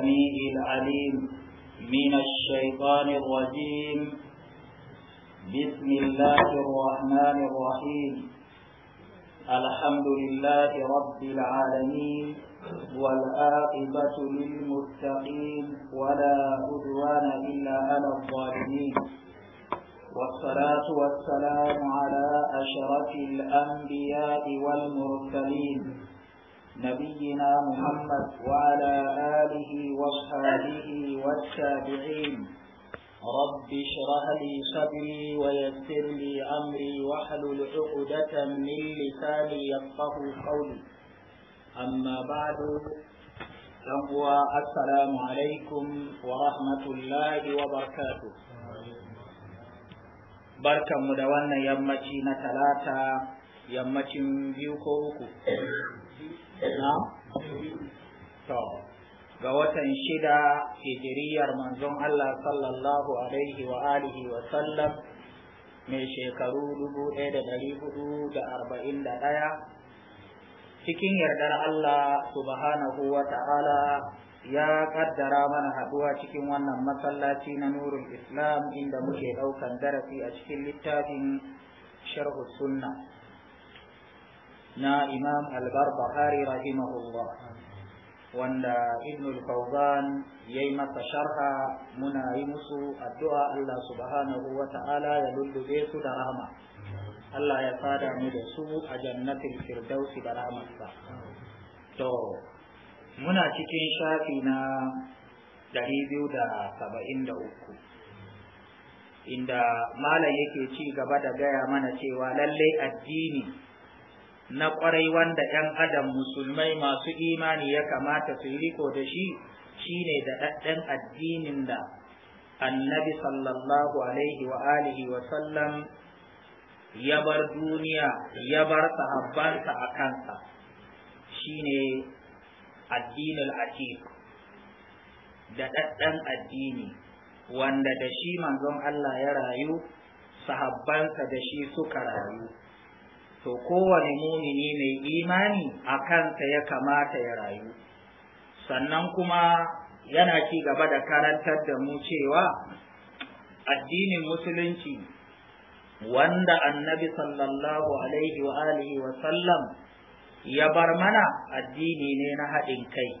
السميع العليم من الشيطان الرجيم بسم الله الرحمن الرحيم الحمد لله رب العالمين والآقبة للمتقين ولا عدوان إلا على الظالمين والصلاة والسلام على أشرف الأنبياء والمرسلين نبينا محمد وعلى آله وصحبه والتابعين رب اشرح لي صدري ويسر لي أمري واحلل عقدة من لساني يفقه قولي أما بعد فهو السلام عليكم ورحمة الله وبركاته barkan mu da wannan yammaci na talata yammacin biyu ko uku ga watan shida hijiriyar manzon Allah sallallahu alaihi wa alihi wa sallam mai shekaru 1441 cikin yardar Allah subhanahu wa ta'ala ya kaddara mana haduwa cikin wannan masallaci na nurul islam inda muke daukan darasi a cikin littafin sharhu sunna na imam al-barbahari rahimahullah wanda ibnul fawzan ya yi masa sharha muna yi musu addu'a Allah subhanahu wa ta'ala ya lullube su da rahama Allah ya sada mu da su a jannatin firdausi da rahamarsa to muna cikin shafi na 273 inda malam yake ci gaba da gaya mana cewa lallai addini na kwarai wanda 'yan adam musulmai masu imani ya kamata su yi riko da shi shi da ɗaɗɗen addinin da annabi sallallahu alaihi wa alihi wa sallam ya bar duniya ya bar sahabbansa a kansa shi ne atiq da ɗaɗɗen addini wanda da shi manzon Allah ya rayu sahabbansa da shi suka rayu to kowane mumini mai imani a kansa ya kamata ya rayu sannan kuma yana ci gaba da karantar da mu cewa addinin musulunci wanda annabi sallallahu alaihi wa alihi wa sallam ya bar mana addini ne na haɗin kai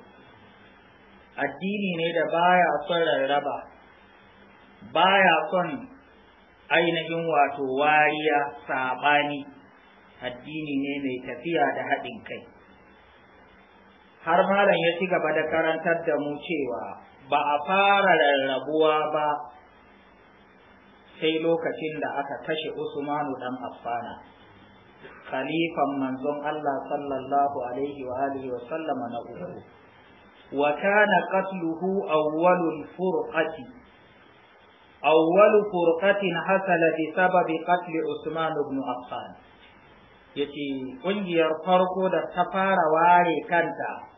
addini ne da baya son rarraba baya son ainihin wato wariya saɓani addini ne mai tafiya da haɗin kai har malam ya ci gaba da karantar da mu cewa ba a fara rarrabuwa ba sai lokacin da aka kashe usmanu dan affana khalifan manzon allah sallallahu alaihi wa alihi wa sallama na uku wa kana qatluhu awwalul furqati awwalu furqatin hasala bi sababi qatl usman ibn affan ya ce ƙungiyar farko da ta fara ware kanta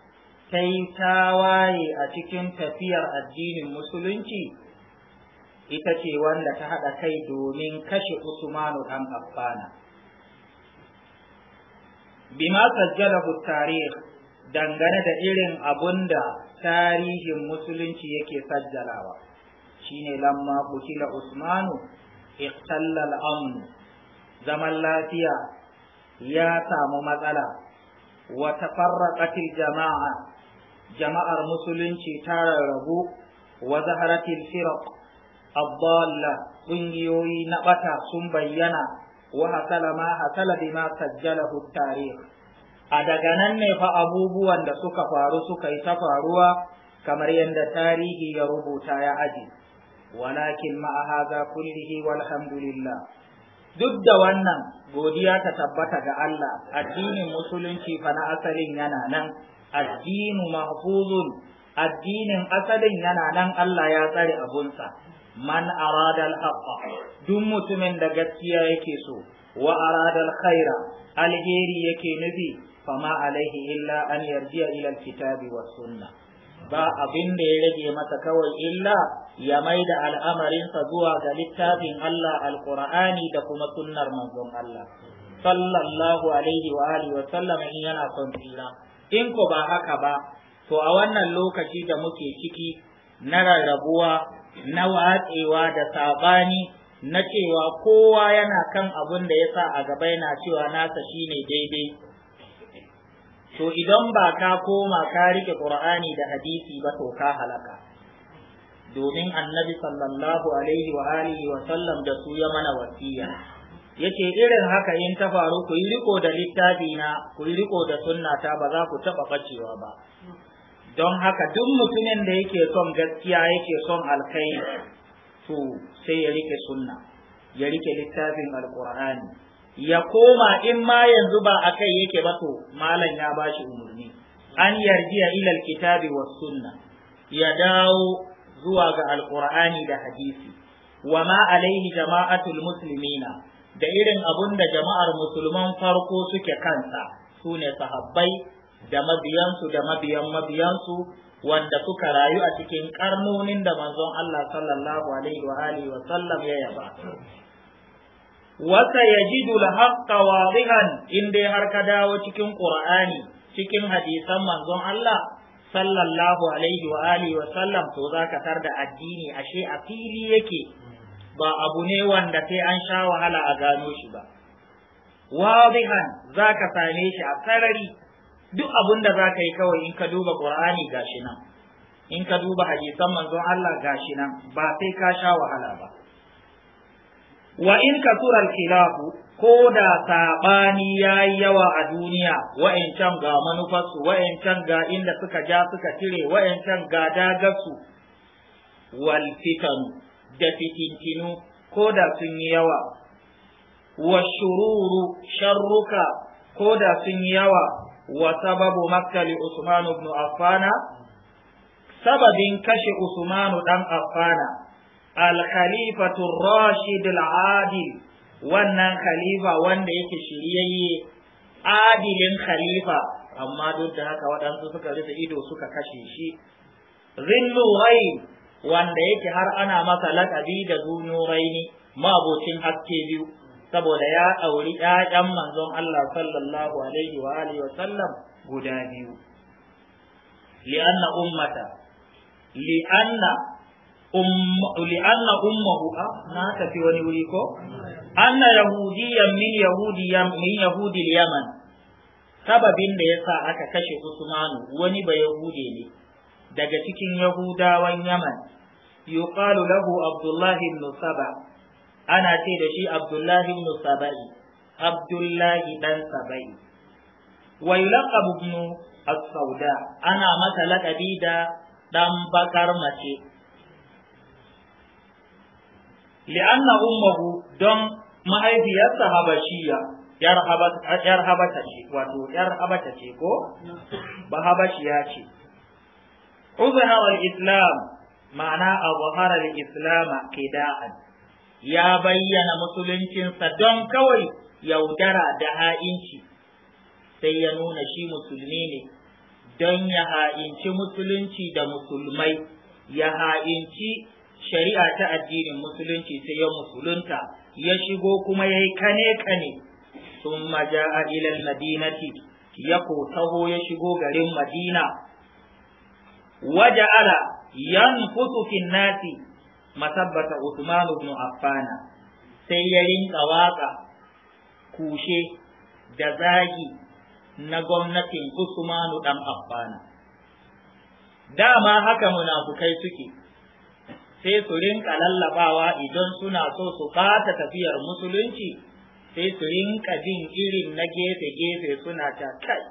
ta yi tawaye a cikin tafiyar addinin musulunci ita ce wanda ta haɗa kai domin kashe usmanu ɗan affana bima sajjalahu tarih dangane da irin abun da tarihin musulunci yake sajjalawa shine lamma kutila usmanu iqtalla al-amn zaman lafiya ya samu matsala Wata tafarraqatil jama'a jama'ar musulunci ta rarrabu wa zaharatil firaq abdalla ƙungiyoyi na ɓata sun bayyana wa hasala ma hasala bima sajjalahu tarikh a daga nan ne fa abubuwan da suka faru suka yi ta faruwa kamar yadda tarihi ya rubuta ya aji walakin ma'a haza kullihi walhamdulillah duk da wannan godiya ta tabbata ga Allah addinin musulunci fa na asalin yana nan addinu mahfuzun addinin asalin yana nan Allah ya tsare abunsa man arada al-haqqa duk mutumin da gaskiya yake so wa arada al-khaira alheri yake nufi fama alaihi illa an yarjiya ila al-kitabi was sunnah ba abin da ya rage masa kawai illa ya mai da al'amarinsa zuwa ga littafin Allah alƙur'ani da kuma sunnar manzon Allah sallallahu alaihi wa alihi wa sallam in yana son tsira in ko ba haka ba to a wannan lokaci da muke ciki na rarrabuwa na watsewa da sabani na cewa kowa yana kan abin da ya sa a gaba yana cewa nasa shine daidai to idan ba ka koma ka rike qur'ani da hadisi ba to ka halaka domin annabi sallallahu alaihi wa alihi wa sallam da su ya mana wasiya yace irin haka in ta faru ku yi riko da littafi na ku yi riko da sunna ta ba za ku taba bacewa ba don haka duk mutumin da yake son gaskiya yake son alkhairi to sai ya rike sunna ya rike littafin alqur'ani ya koma in ma yanzu ba a kai yake ba to malam ya bashi shi umarni an ya ilal kitabi wa sunna ya dawo zuwa ga alqur'ani da hadisi wa ma alaihi jama'atul muslimina da irin abun da jama'ar musulman farko suke kansa sune sahabbai da mabiyansu da mabiyan mabiyansu wanda suka rayu a cikin karnonin da manzon Allah sallallahu alaihi wa alihi wa sallam ya yaba wata yajidu al-haqqa wadihan in dai har ka dawo cikin qur'ani cikin hadisan manzon Allah sallallahu alaihi wa alihi wa sallam to zaka tar da addini ashe a fili yake ba abu ne wanda sai an sha wahala a gano shi ba wadihan zaka same shi a sarari duk abun da zaka yi kawai in ka duba qur'ani gashi nan in ka duba hadisan manzon Allah gashi nan ba sai ka sha wahala ba wa in tura khilafu ko da saɓani ya yi yawa a duniya wa'incan ga manufarsu wa'incan ga inda suka ja suka cire wa'incan ga dagarsu wal fitanu da fitintinu ko da sun yi yawa wa shururu sharruka ko da sun yi yawa wa sababu makkali usman ibn affana sababin kashe usmanu dan affana al-khalifatu rashid adil wannan khalifa wanda yake shiryayye adilin khalifa amma duk da haka waɗansu suka rufe ido suka kashe shi zillu ghaib wanda yake har ana masa laƙabi da zunuraini mabocin haske biyu saboda ya auri ƴaƴan manzon Allah sallallahu alaihi wa alihi wa sallam guda biyu li'anna ummata li'anna li'anna ummahu ah, na tafi wani wuri ko anna yahudiyyan min yahudiyyan min yahudi yaman sababin da yasa aka kashe usmanu wani ba yahude ne daga cikin yahudawan yaman yuqalu lahu abdullahi ibn saba ana ce da shi abdullahi ibn saba'i abdullahi dan saba'i wa yulaqabu ibn as-sauda ana masa laƙabi da dan bakar mace li'anna ummuhu don mahaifiyarsa habashiya yar habata ce wato yar habata ce ko ba habashiya ce uzhara al-islam ma'ana azhara al-islam qida'an ya bayyana musuluncinsa don kawai yaudara da ha'inci sai ya nuna shi musulmi ne don ya ha'inci musulunci da musulmai ya ha'inci shari'a ta addinin musulunci sai ya musulunta ya shigo kuma ya yi kane-kane sun maja a ilal madinati ya ko ya shigo garin madina waja'ala 'yan fin nasi masabbata Usman ibn Affana sai ya rinka waka kushe da zagi na gwamnatin Usman dan Affana dama haka munafukai suke sai su rinka lallabawa idan suna so su ɓata tafiyar musulunci sai su rinka jin irin na gefe-gefe suna ta kai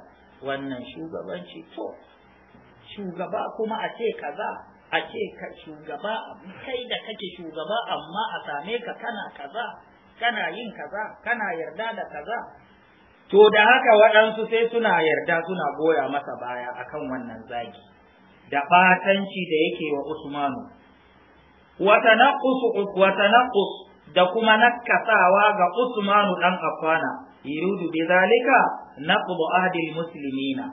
wannan shugabanci to shugaba kuma a ce kaza a ce ka shugaba kai da kake shugaba amma a same ka kana kaza kana yin kaza kana yarda da kaza to da haka waɗansu sai suna yarda suna goya masa baya akan wannan zagi da ɓatanci da yake wa usmanu watanaqqus da kuma nakasawa ga Usmanu dan Affana yuridu bi zalika naqdu ahdi muslimina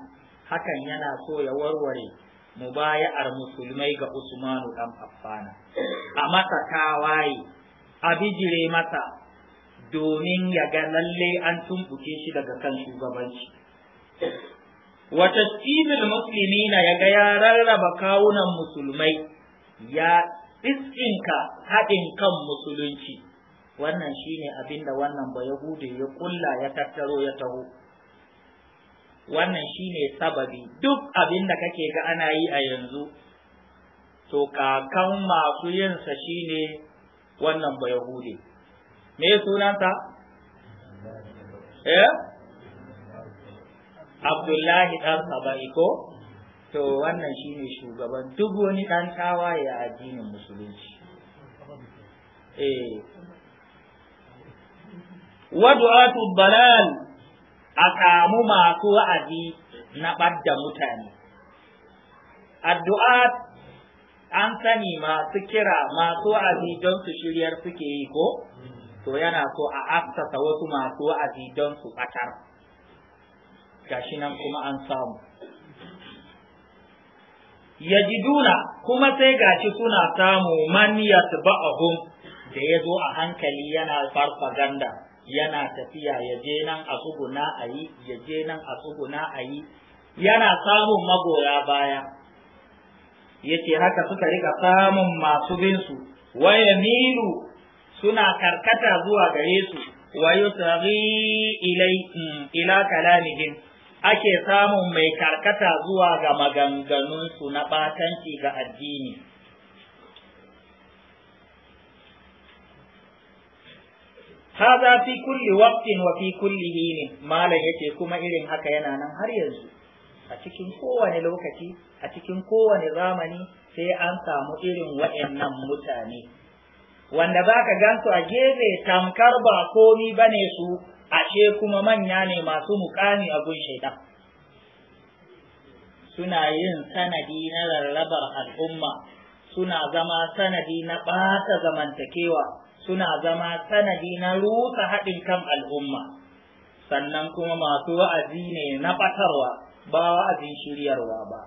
hakan yana so ya warware mubaya'ar musulmai ga Usmanu dan Affana a masa tawaye a bijire masa domin ya ga lalle an tumbuke shi daga kan shugabanci wa tasqimil muslimina ya ga ya rarraba kawunan musulmai ya riskinka haɗin kan musulunci wannan shine abinda wannan ba yahudu ya kulla ya tattaro ya taho wannan shine sababi duk abinda kake ga ana yi a yanzu to kakan masu yinsa shine wannan ba yahude me sunanta eh abdullahi dan saba'i ko to wannan shine shugaban duk wani ɗan tawaye a addinin musulunci eh wadu'atu balal a kamu masu wa'azi na badda mutane addu'a an sani masu kira masu wa'azi don su shiryar suke yi ko to yana so a assasa wasu masu wa'azi don su ɓatar gashi nan kuma an samu yajiduna kuma sai gashi suna samu man abun. da ya zo a hankali yana farfaganda yana tafiya ya je nan a tsuguna a yi ya nan a tsuguna a yana samun magoya baya yace haka suka rika samun masu bin su wa milu suna karkata zuwa gare su wayo yusghi ilai mm, ila kalamihim ake samun mai karkata zuwa ga maganganunsu na batanci ga addini haza fi kulli waqtin wa fi kulli hini malam yace kuma irin haka yana nan har yanzu a cikin kowane lokaci a cikin kowane zamani sai an samu irin waɗannan mutane wanda zaka gansu a gefe tamkar ba komi bane su ashe kuma manya ne masu mukami a gun shaidan suna yin sanadi na rarrabar al'umma suna zama sanadi na ɓata zamantakewa suna zama sanadi na rusa haɗin kan al'umma sannan kuma masu wa'azi ne na ɓatarwa ba wa'azin shiryarwa ba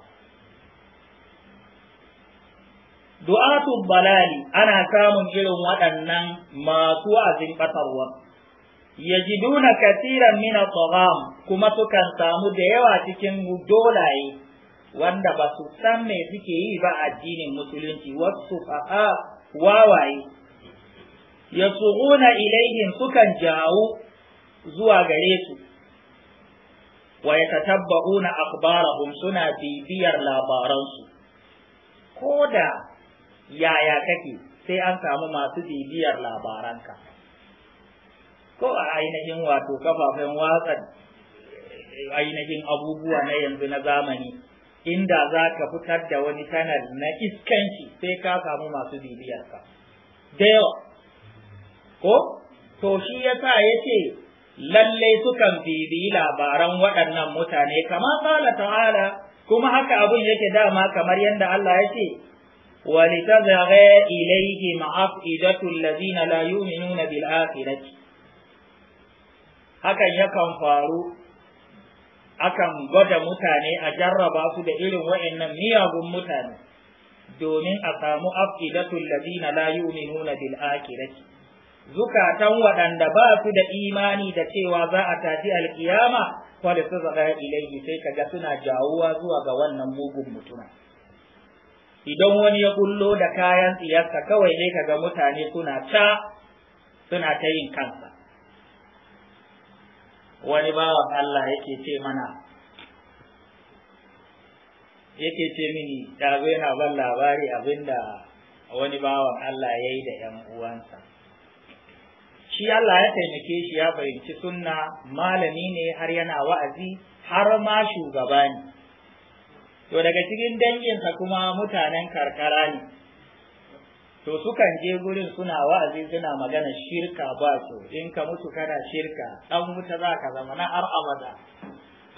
du'atu balali ana samun irin waɗannan masu wa'azin ɓatarwa yajiduna katiran min at tagham kuma sukan samu da yawa cikin dolaye wanda ba su san me suke yi ba addinin musulunci wasu fa'a wawaye yasughuna ilaihim sukan jawo zuwa gare su wa yatatabbauna akhbarahum suna bibiyar labaransu koda yaya kake sai an samu masu bibiyar labaranka ko a ainihin wato kafafen watsa eh, ainihin abubuwa na yanzu na zamani inda za ka fitar da wani sanar na iskanci sai ka samu masu bibiyar ka da yawa ko to shi yasa yace lallai sukan bibiyi labaran waɗannan mutane kama kala ta'ala kuma haka abun yake dama kamar yadda Allah ya ce ولتبغى إليهم عفئدة الذين لا يؤمنون بالآخرة hakan yakan faru akan gwada mutane a jarraba su da irin wa'annan miyagun mutane domin a samu afidatul ladina la yu'minuna bil akhirati zukatan waɗanda ba su da imani da cewa za a tafi alkiyama fa da sazara ilayhi sai kaga suna jawuwa zuwa ga wannan mugun mutuna idan wani ya kullo da kayan tsiyarsa kawai ne kaga mutane suna ta suna ta yin kansa wani bawan Allah yake ce mana yake ce mini ɗazu yana ban labari abinda wani bawan Allah ya yi da ‘yan uwansa shi Allah ya taimake shi ya fahimci sunna malami ne har yana wa'azi har ma shugaba ne to daga cikin danginsa kuma mutanen karkara ne to sukan je gurin suna wa'azi suna magana shirka ba su in ka mutu kana shirka an wuta za ka zama na har abada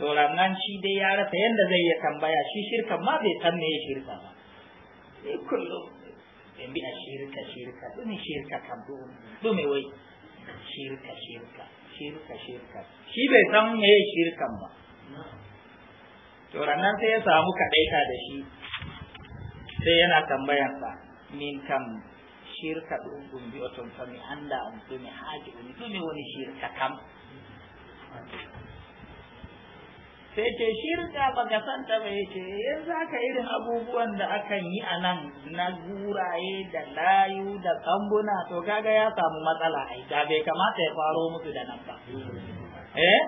to rannan shi dai ya rasa yadda zai yi tambaya shi shirka ma bai san me shirka ba sai kullum in bi a shirka shirka dumi shirka kan dumi wai shirka shirka shirka shirka shi bai san me shirkan ba to rannan sai ya samu kadaita da shi sai yana tambayansa min kam shirka ɗum ɗum mbi'oton to mi annda on to mi haaji ɗum ɗume woni shirka kam sai ce shirka baka santa ba ya ce za ka irin abubuwan da akan yi a nan na guraye da layu da kambuna to kaga ya samu matsala ai da bai kamata ya faro musu da nan ba eh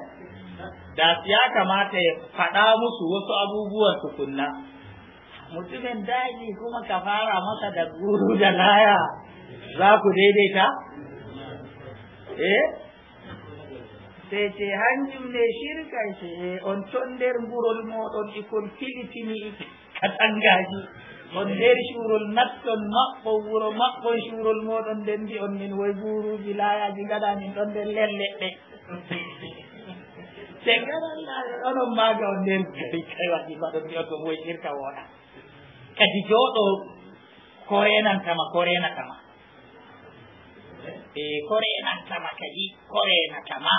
da ya kamata ya faɗa musu wasu abubuwan tukunna mutumin daji kuma ka fara masa da guru da laya za ku daidaita eh sai ce hanjum ne shirka ce on ton nder mburol moɗon ikon filitini gaji. on nder curol natton maɓɓon wuro maɓɓon curol moɗon nden bi on min woy guruji layaji gada min ɗon nder len leɗɗe se gaɗan on onon maga on nder gari kay waɗi ba don bi ko wai shirka woɗa kadi jooɗo ko renantama ko renatama e eh, ko renantama kadi ko renatama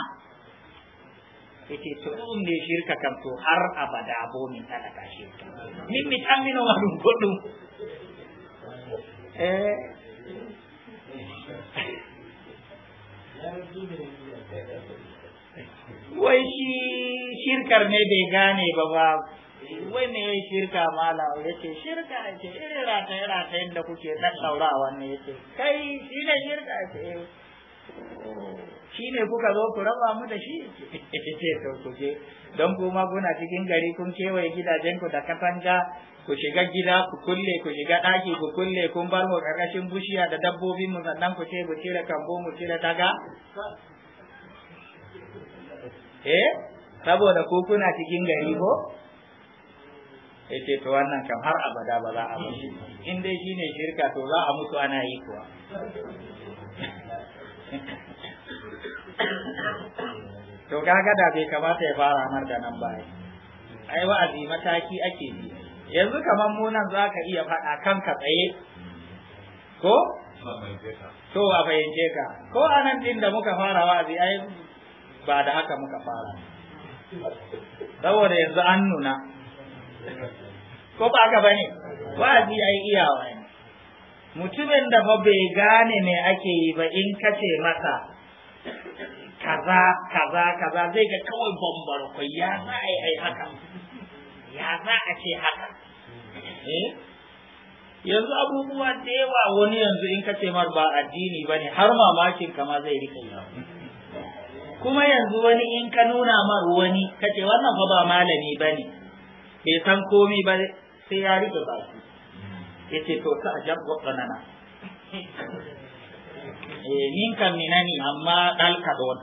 ete to ɗum nde shirka kam to har abada bo min talaka shirka min mi tamminoma ɗum goɗɗum e wai shi shirkar ne bai gane ba ba wani ya shirka mala ya ce shirka ya ce irin rataye ratayen da kuke dan ɗaurawa ne ya ce kai shi ne shirka ya ce eh. shi ne kuka zo ku raba mu da shi ce to ku je don kuma kuna cikin gari kun kewaye gidajen ku da katanga ku shiga gida ku kulle ku shiga daki ku kulle kun bar mu karkashin bushiya da dabbobin mu sannan ku ce ku cire kambo mu cire daga eh saboda ku kuna cikin gari ko ya ce to wannan kan har abada ba za a bar shi in dai shi ne shirka to za a mutu ana yi kuwa to kaga da bai kamata ya fara amar da nan baya ai wa'azi mataki ake yi yanzu kamar mu nan za ka iya faɗa kanka tsaye ko to a fahimce ka ko a nan din da muka fara wa'azi ai ba da haka muka fara saboda yanzu an nuna ko ba haka bane a ai iyawa ne mutumin da ba bai gane me ake yi ba in ka ce masa kaza kaza kaza zai ga kawai bambar kai ya za a yi haka ya za a ce haka eh yanzu abubuwa da yawa wani yanzu in ka ce mar ba addini bane har mamakin kama zai rika yi kuma yanzu wani in ka nuna mar wani ka ce wannan fa ba malami bane bai san komi ba sai ya rike baki ya ce to ka ajab wa eh min kan ni nani amma dal ka don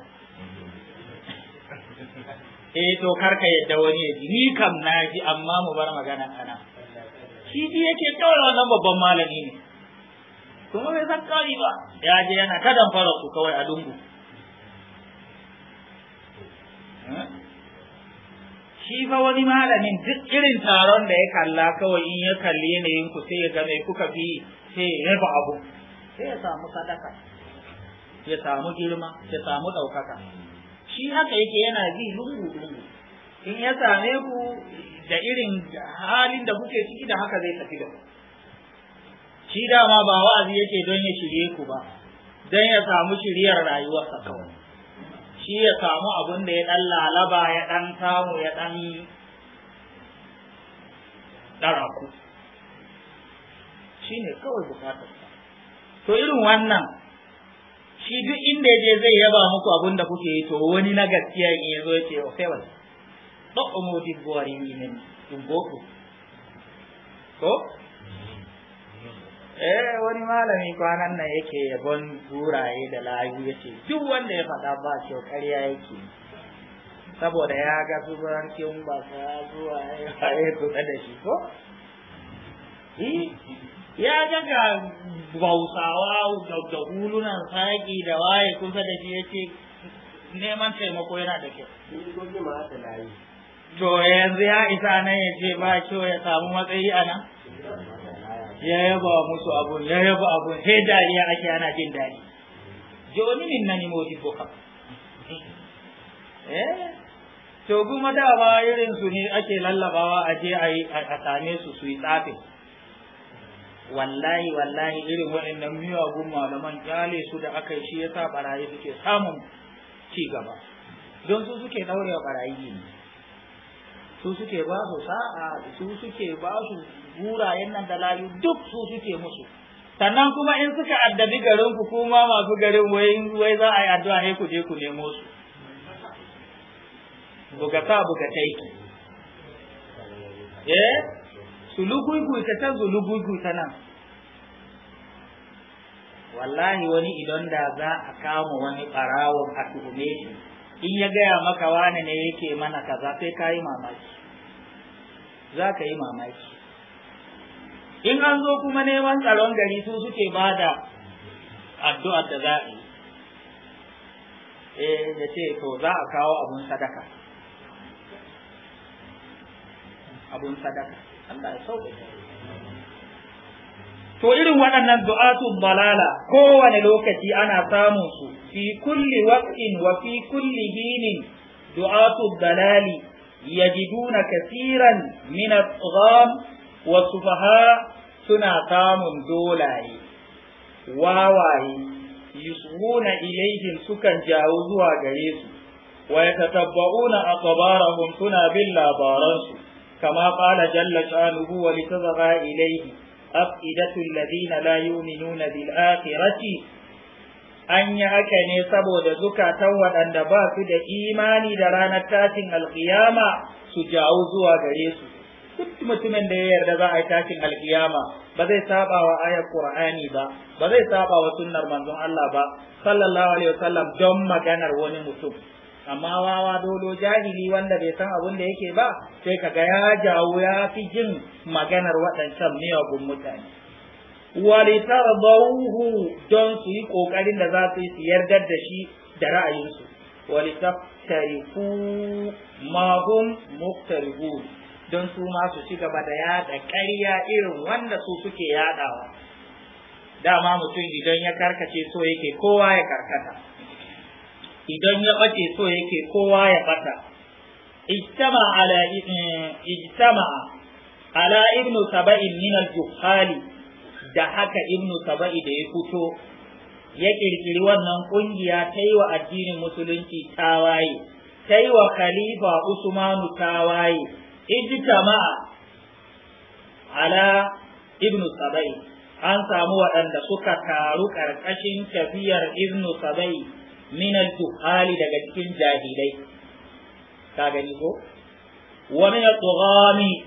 eh to kar ka yadda wani ya ji ni kam na ji amma mu bar magana kana shi ji yake kawai wannan babban malami ne kuma bai san kari ba ya je yana ta damfara su kawai a dungu shi fa wani malamin duk irin taron da ya kalla kawai in ya kalli yanayin ku sai ya ga mai kuka fi sai ya ba abu sai ya samu sadaka ya samu girma ya samu ɗaukaka shi haka yake yana bi lungu lungu in ya same ku da irin halin da kuke ciki da haka zai tafi da ku shi dama ba wa'azi yake don ya shirye ku ba don ya samu shiryar rayuwarsa kawai shi ya samu abin da ya dan lalaba ya ɗan samu ya dan daraku shi ne kawai bukatarsa to irin wannan shi duk inda je zai yaba muku abin da kuke yi to wani na gaskiya in ya zo ya ce wa kaiwa ɗan umudin yi ne in boko ko eh wani malami kwanan nan yake yabon turaye da layu ya ce duk wanda ya faɗa ba shi ƙarya yake saboda ya ga turancin ba sa zuwa ya kusa da shi ko ya ga ga bausawa da hulunan saki da waye kusa da shi yake neman taimako yana da kyau to yanzu ya isa nan ya ce ba kyau ya samu matsayi a nan ya yaba musu abun ya yaba abun sai dariya ake ana jin dadi joni min ni moti boka eh to kuma ba irin su ne ake lallabawa a je a same su su yi tsafin wallahi wallahi irin waɗannan miyagun malaman kyale su da aka yi shi ya sa barayi suke samun ci gaba don su suke daurewa barayi ne su suke ba su sa'a su suke ba su gurayen nan da layu duk su suke musu sannan kuma in suka addabi garin ku kuma masu garin wai wai za a yi addu'a ne ku je ku nemo su bugata bugatai eh sulugugu ta zu sulugugu ta nan wallahi wani idan da za a kama wani barawon a tuhume shi in ya gaya maka wane ne yake mana kaza sai ka yi mamaki za ka yi mamaki in an zo kuma neman tsaron gari su suke ba da addu'ar da za yi eh ya ce to za a kawo abun sadaka abun sadaka Allah ya sauƙaƙe to irin waɗannan du'atun balala kowane lokaci ana samun su fi kulli waqtin wa fi kulli hinin du'atud dalali yajiduna kasiran min at wasu faha suna samun dolaye wawaye yusbuna ilaihim sukan jawo zuwa gare su wa yatatabba'una aqbarahum suna bin labaransu kama qala jalla shanuhu wa litazgha ilaihi afidatul ladina la yu'minuna bil akhirati an yi haka ne saboda zukatan waɗanda ba su da imani da ranar tashin alkiyama su jawo zuwa gare su duk mutumin da ya yarda za a yi tashin alkiyama ba zai saba wa ayar qur'ani ba ba zai saba wa sunnar manzon Allah ba sallallahu alaihi wasallam don maganar wani mutum amma wawa dole jahili wanda bai san abin da yake ba sai kaga ya jawo ya fi jin maganar waɗancan miyagun mutane walitardahu don su yi kokarin da za su yi su da shi da ra'ayinsu walitafsarifu ma hum muftarihun don su ma su ci gaba da yada ƙarya irin wanda su suke yadawa dama mutum idan ya karkace so yake kowa ya karkata idan ya bace so yake kowa ya bata ijtama ala eh, ijtama ala saba'in min al da haka Ibn saba'i da ya fito ya kirkiri wannan kungiya ta yi wa addinin musulunci tawaye ta yi wa khalifa usmanu tawaye ma'a ala ibnu sabai an samu waɗanda suka taru ƙarƙashin tafiyar ibnu sabai min al-duhali daga cikin jahilai ka gani ko wa min al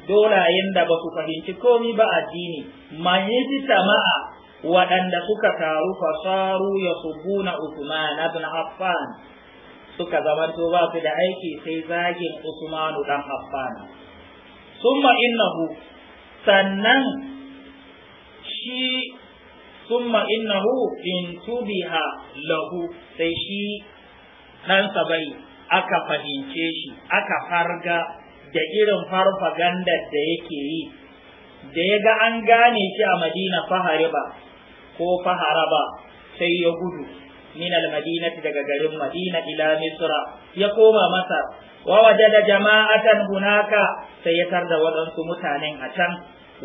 dolayen da ba su fahimci komi ba addini man ma'a waɗanda suka taru fasaru yasubuna na ibn Affan suka zamanto ba su da aiki sai zagin Usmanu ɗan Affan summa innahu sannan shi summa innahu in tubiha lahu sai shi ɗansa bai aka fahimce shi aka farga da irin gandar da yake yi da ya ga an gane shi a madina fahariba ko fahara ba sai ya gudu min al-madinati daga garin Madina ila Misra ya koma Masar wa wajada jama'atan hunaka sai ya tarda waɗansu mutanen a can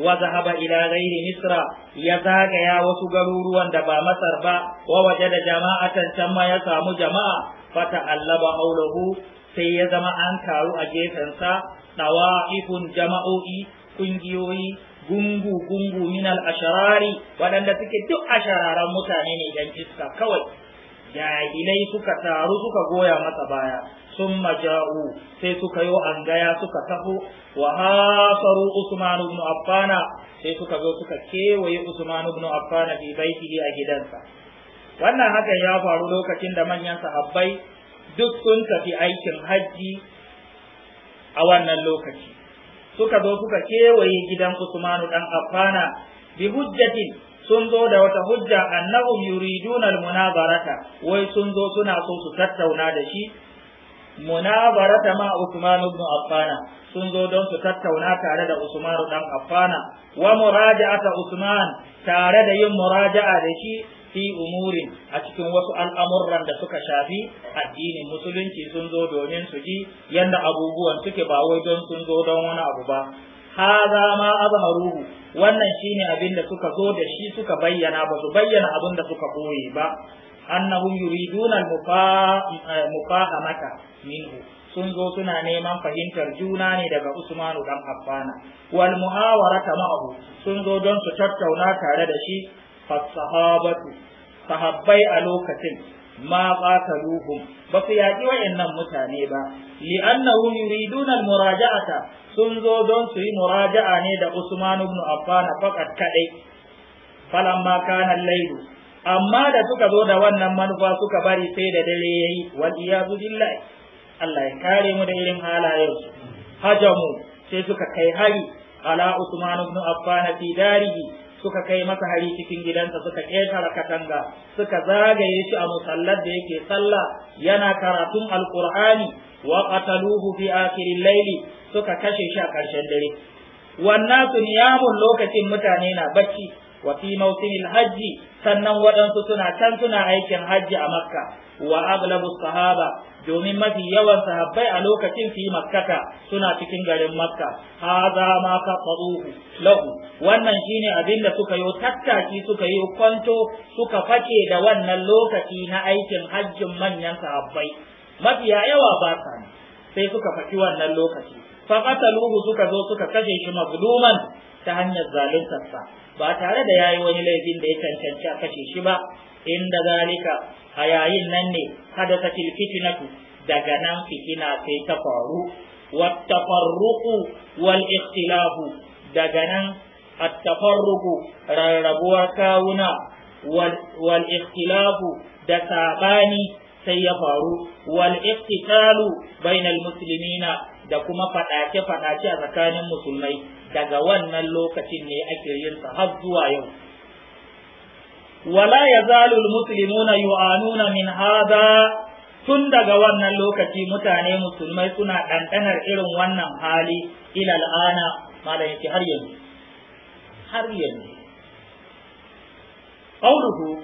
wa zahaba ila ghairi Misra ya zagaya wasu garuruwan da ba Masar ba wa wajada jama'atan can ma ya samu jama'a fata allaba haulahu sai ya zama an taru a sa dawa'ifun jama'o'i kungiyoyi gungu gungu min al-asharari waɗanda suke duk ashararan mutane ne dan iska kawai jahilai suka taru suka goya masa baya sun maja'u sai suka yi angaya suka taho wa hasaru usman ibn affana sai suka zo suka kewaye usman ibn affana bi baitihi a gidansa wannan hakan ya faru lokacin da manyan sahabbai duk sun tafi aikin hajji a wannan lokaci suka zo suka kewaye gidan usmanu dan affana bi hujjatin sun zo da wata hujja annahum yuriduna almunazarata wai sun zo suna so su tattauna da shi munazarata ma Usman ibn Affan sun zo don su tattauna tare da Usman dan Affan wa muraja'ata Usman tare da yin muraja'a da shi fi umurin a cikin wasu al'amuran da suka shafi addinin musulunci sun zo domin su ji yadda abubuwan suke ba wai don sun zo don wani abu ba haza ma azharuhu wannan shine abin da suka zo da shi suka bayyana ba su bayyana abin da suka boye ba annahum yuriduna mufahamata minhu sun zo suna neman fahimtar juna ne daga Usmanu dan Affana wal muhawarata ma'ahu sun zo don su tattauna tare da shi sahabatu sahabbai a lokacin ma qataluhum ba su yaƙi wayannan mutane ba annahu yuriduna al-muraja'ata sun zo don su yi muraja'a ne da Usman ibn Affan faqat kadai ma kana al amma da suka zo da wannan manufa suka bari sai da dare yayi wal iyadu billahi Allah ya kare mu da irin halayen su hajamu sai suka kai hari ala Usman ibn Affan fi darihi suka kai masa hari cikin gidansa suka ƙetare katanga suka zagaye shi a musallar da yake sallah yana karatun alkur'ani wa qataluhu fi akhiril layli suka kashe shi a ƙarshen dare wannan niyamun lokacin mutane na bacci wa fi mawsimil hajji sannan waɗansu suna can suna aikin hajji a makka wa aglabu sahaba domin mafi yawan sahabbai a lokacin fi makkata suna cikin garin makka hadha ma qataruhu lahu wannan shine abin da suka yi tattaki suka yi kwanto suka fake da wannan lokaci na aikin hajjin manyan sahabbai mafiya yawa ba sa sai suka faki wannan lokaci fa qataluhu suka zo suka kashe shi mazluman ta hanyar zaluntarsa ba tare da yayi wani laifin da ya cancanci a kashe shi ba inda zalika a yayin nan ne hadathatil fitnatu daga nan fitina sai ta faru wattafarruqu wal ikhtilafu daga nan attafarruqu rarrabuwar kawuna wal ikhtilafu da sabani sai ya faru wal ikhtilalu bainal muslimina da kuma fadace fadace a tsakanin musulmai daga wannan lokacin ne ake yin sa har zuwa yau wala yazalu almuslimuna yu'anuna min hada tun daga wannan lokaci mutane musulmai suna ɗanɗanar irin wannan hali ila al'ana malam yake har yanzu har yanzu qawluhu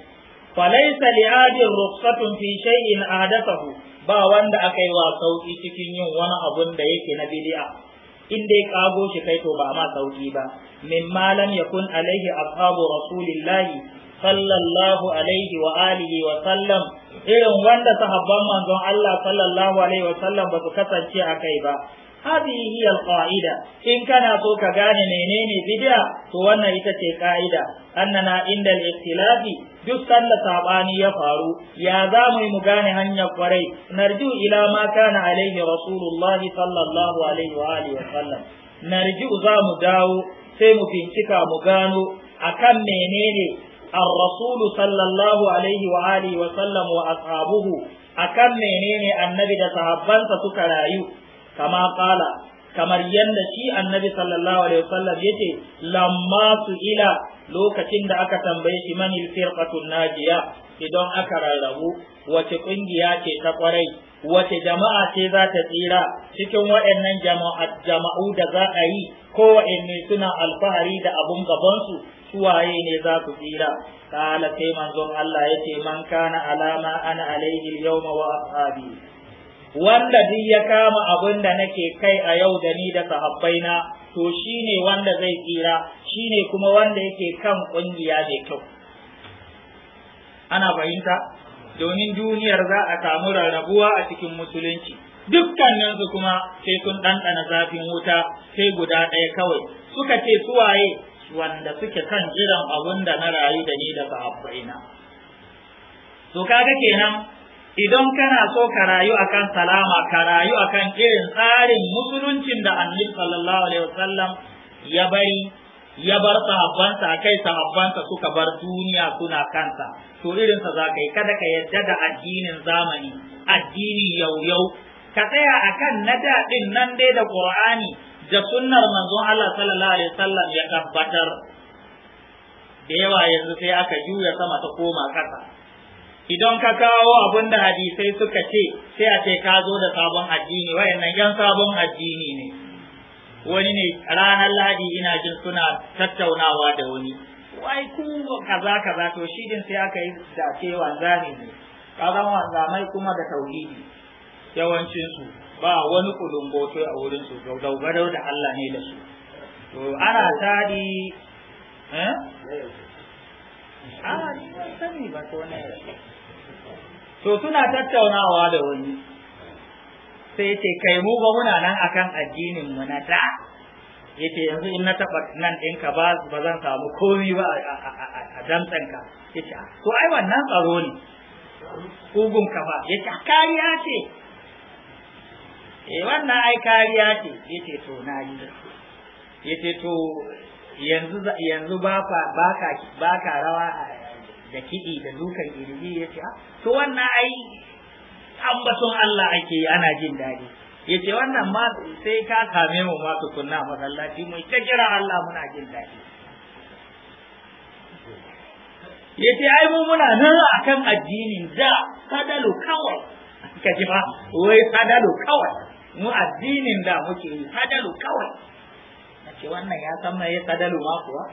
falaysa li'adin rukhsatun fi shay'in ahdathahu ba wanda aka yi wa sauki cikin yin wani abun da yake na bid'a in dai kago shi kai to ba ma sauki ba min malam yakun alaihi ashabu rasulillahi sallallahu alaihi wa alihi wa sallam irin wanda sahabban manzon Allah sallallahu alaihi wa sallam ba su kasance a kai ba hadi hiya alqaida in kana so ka gane menene bid'a to wannan ita ce kaida annana inda al-ikhtilafi duk sanda sabani ya faru ya za mu mu gane hanyar kwarai narju ila ma kana alaihi rasulullah sallallahu alaihi wa alihi wa sallam narju za mu dawo sai mu bincika mu gano akan menene الرسول صلى الله عليه وآله وسلم وأصحابه akan menene annabi da sahabbansa suka rayu kama kala kamar yadda shi annabi sallallahu alaihi wasallam yace lamma su ila lokacin da aka tambaye shi manil firqatun najiya idan aka rarrabu wace kungiya ce ta kwarai wace jama'a ce za ta tsira cikin waɗannan jama'u da za a yi kowanne suna alfahari da abun gabansu suwaye ne za su tsira kala sai manzon Allah yace man kana alama ana alaihi yawma wa ashabi wanda duk ya kama abin da nake kai a yau da ni da sahabbaina to shine wanda zai tsira shine kuma wanda yake kan ƙungiya mai kyau ana fahimta domin duniyar za a samu rarrabuwa a cikin musulunci dukkaninsu kuma sai sun ɗanɗana zafin wuta sai guda ɗaya kawai suka ce su waye wanda suke kan jiran abun da na rayu da ni da sahabbaina to kaga kenan idan kana so ka rayu akan salama ka rayu akan irin tsarin musuluncin da annabi sallallahu alaihi wasallam ya bari ya bar sahabbansa kai sahabbansa suka bar duniya suna kanta, to irinsa za ka kada ka yarda da addinin zamani addini yau-yau ka tsaya akan na daɗin nan dai da ƙur'ani da sunnar manzon Allah sallallahu alaihi wasallam ya tabbatar da yawa yanzu sai aka juya sama ta koma kasa idan ka kawo abin da hadisai suka ce sai a ce ka zo da sabon addini wayannan yan sabon addini ne wani ne ranar ladi ina jin suna tattaunawa da wani wai ku kaza kaza to shi din sai aka yi da ce wanzami ne kazan wanzamai kuma da tauhidi yawancin su ba wani kulungoto a wurin su dogaro da Allah ne da su to ana tadi eh Ah, sani ba to ne. to suna tattaunawa da wani sai ce kai mu ba muna nan akan addinin mu na ta yace yanzu in na taba nan ɗinka ba ba zan samu komai ba a ka yace to ai wannan tsaro ne kugun kafa yace kariya ce eh wannan ai kariya ce yace to na yi yace to yanzu yanzu ba ka ba ka rawa da kiɗi da dukan iriji ya ce ah, to wannan ai an batun Allah ake ana jin daɗi ya ce wannan ma sai ka same mu ma kunna masallaci mu ta kira Allah muna jin daɗi ya ce ai mu muna nan akan addinin da sadalu kawai ka ji ba ah, wai sadalu kawai mu addinin da muke yi sadalu kawai ce wannan ya san mai sadalu ma kuwa